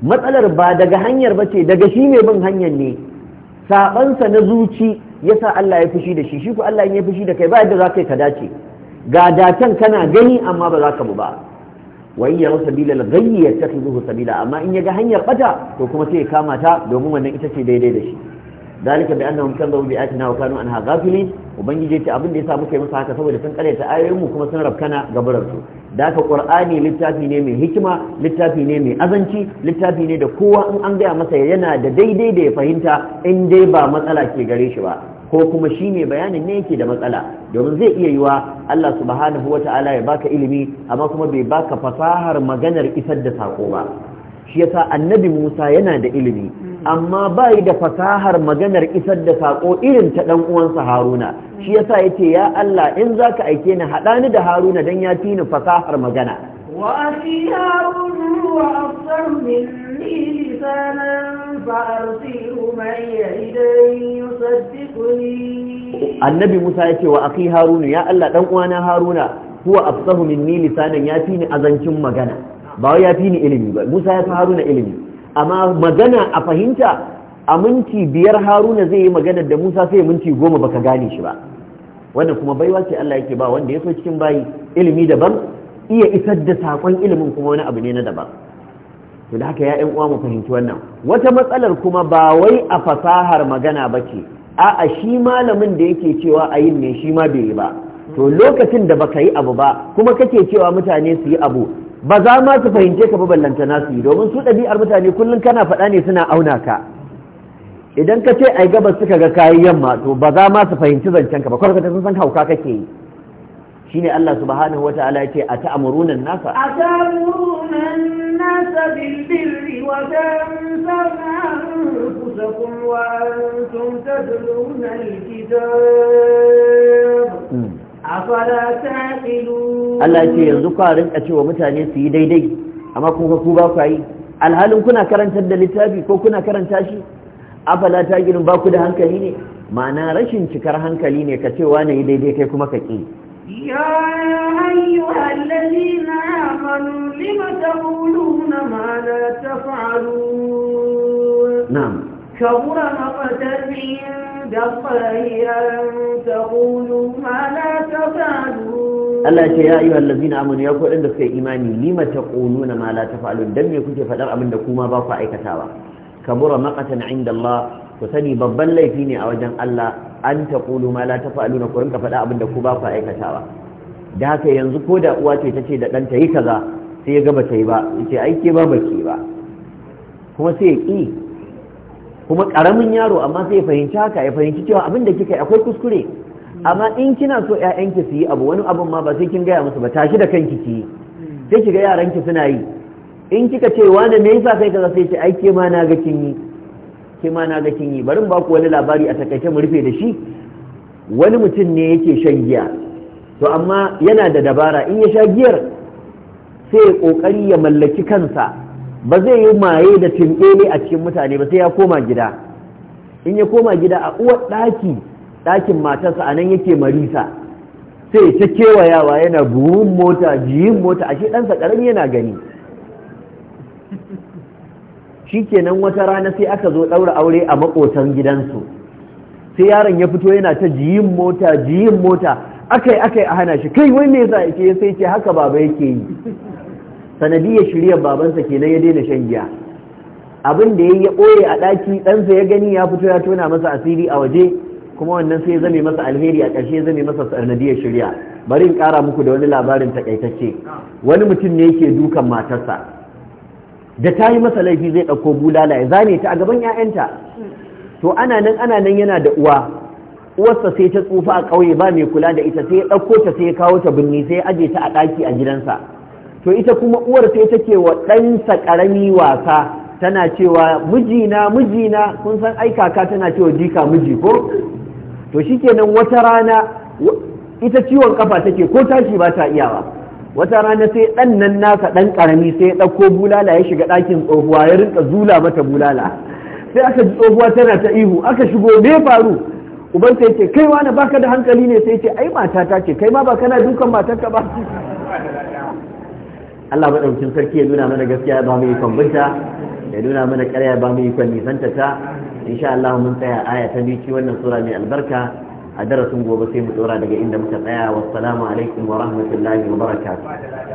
matsalar ba daga hanyar bace daga shi mai bin hanyar ne sabansa na zuci yasa Allah ya fushi da shi shi ko Allah ya fushi da kai ba yadda za ka yi ka dace ga datan kana gani amma ba za ka bu ba wa in yara sabila ya ghayyi yattakhidhuhu sabila amma in ya ga hanyar bata to kuma sai ya kama ta domin wannan ita ce daidai da shi dalika bi annahum kanu bi ayatina wa kanu anha ghafilin ubangiji ce abin da ya sa muka yi masa haka saboda sun ta ayoyin mu kuma sun rafkana gaburar su da ka qur'ani littafi ne mai hikima littafi ne mai azanci littafi ne da kowa in an gaya masa yana da daidai da ya fahimta in dai ba matsala ke gare shi ba ko kuma shi ne bayanin ne yake da matsala domin zai iya yiwa Allah subhanahu wata'ala ya baka ilimi amma kuma bai baka fasahar maganar isar da sako ba shi yasa annabi Musa yana da ilimi amma bai da fasahar maganar isar da saƙo irin ta ɗan uwansa haruna shi yasa ya ce ya Allah in za ka aike ni haɗa ni da haruna don ya fi ni fasahar magana annabi musa ya ce wa aki haruna ya Allah ɗan uwana haruna huwa afsahu minni lisanan ya fi ni azancin magana ba ya fi ni ilimi ba musa ya fi haruna ilimi amma magana a fahimta a minti biyar haruna zai yi magana da musa sai minti goma baka gane shi ba wanda kuma baiwa ce Allah yake ba wanda ya so cikin bayi ilimi daban iya isar da sakon ilimin kuma wani abu ne na daban to da haka ya yan uwa mu fahimci wannan wata matsalar kuma ba wai a fasahar magana ba bace a'a shi malamin da yake cewa a yin ne shi ma bai yi ba to lokacin da baka yi abu ba kuma kake cewa mutane su yi abu ba za ma su fahimce ka ba ballanta nasu yi domin su ɗabi'ar mutane kullum kana faɗa ne suna auna ka idan ka ce ai gabas suka ga kayi yamma to ba za ma su fahimci zancen ka ba kwarkwata sun san hauka kake yi shine Allah subhanahu wa ta'ala ya ce a ta'amuruna nasa a nasa bil birri wa anfusakum wa antum al-kitab hmm. Allah ce yanzu ku rinka cewa mutane su yi daidai amma kuma ku ba ku yi alhalin kuna karantar da littafi ko kuna karanta shi afala ta girin ba ku da hankali ne ma'ana rashin cikar hankali ne ka cewa na yi daidai kai kuma ka ƙi يا أيها الذين آمنوا hulu, na ما ta faru. كبر مقتا عند الله أن تقولوا ما لا تفعلون Allah ce ya ayyuhal ladzina amanu ya ku inda suka imani lima taquluna ma la taf'alun dan me kuke fadar abin da kuma ba ku aikatawa kabura maqatan inda Allah ku sani babban laifi ne a wajen Allah an taqulu ma la taf'aluna ku rinka fada abin da ku ba ku aikatawa da haka yanzu ko da uwa ce tace da ta yi kaza sai ya ga bata yi ba yace ai ke ba baki ba kuma sai ya ki kuma karamin yaro amma sai ya fahimci haka ya fahimci cewa abin da kika akwai kuskure amma in kina so ƴaƴanki su yi abu wani abun ma ba sai kin gaya musu ba tashi da kanki ki yi sai kiga ga yaranki suna yi in kika ce wani me yasa kai kaza sai ce ai ke ma na ga kin yi ke ma na ga kin yi bari ba ku wani labari a takaice mu rufe da shi wani mutum ne yake shan giya to amma yana da dabara in ya sha giyar sai ya kokari ya mallaki kansa ba zai yi maye da timbele a cikin mutane ba sai ya koma gida in ya koma gida a uwar ɗaki ɗakin matarsa a nan yake marisa sai ta kewayawa yana buhun mota jiyin mota ashe ɗansa ƙarami yana gani Shi nan wata rana sai aka zo ɗaura aure a maƙotan gidansu sai yaron ya fito yana ta jiyin mota jiyin mota akai akai a hana shi kai wani wai za a ce sai ce haka baba yake yi sanadiyar shiryar babansa kenan ya daina shan giya abin da ya ɓoye a ɗaki ɗansa ya gani ya fito ya tona masa asiri a waje kuma wannan sai ya zame masa alheri a ƙarshe zame masa sanadiyar shirya bari in ƙara muku da wani labarin takaitacce wani mutum ne yake dukan matarsa da ta yi masa laifi zai ɗauko bulala ya zane ta a gaban 'ya'yanta to ana nan ana nan yana da uwa uwarsa sai ta tsufa a ƙauye ba mai kula da ita sai ya ɗauko ta sai ya kawo ta binni sai ya aje ta a ɗaki a gidansa to ita kuma uwar sai take wa ɗansa ƙarami wasa tana cewa mijina mijina kun san ai kaka tana cewa jika miji ko to shikenan wata rana ita ciwon kafa take ko tashi ba ta iyawa wata rana sai ɗan nan nasa ɗan ƙarami sai ya ɗauko bulala ya shiga ɗakin tsohuwa ya rinka zula mata bulala sai aka ji tsohuwa tana ta ihu aka shigo me faru uban sai ce kai wani baka da hankali ne sai ce ai matata ce kai ma ba kana dukan matarka ba Allah madaukakin sarki ya nuna mana gaskiya ba mu ikon binta ya nuna mana ƙarya ba mu ikon nisanta ta insha Allah mun tsaya aya ta biki wannan sura mai albarka a darasin gobe sai mu tsora daga inda muka tsaya wassalamu alaikum wa rahmatullahi wa barakatuh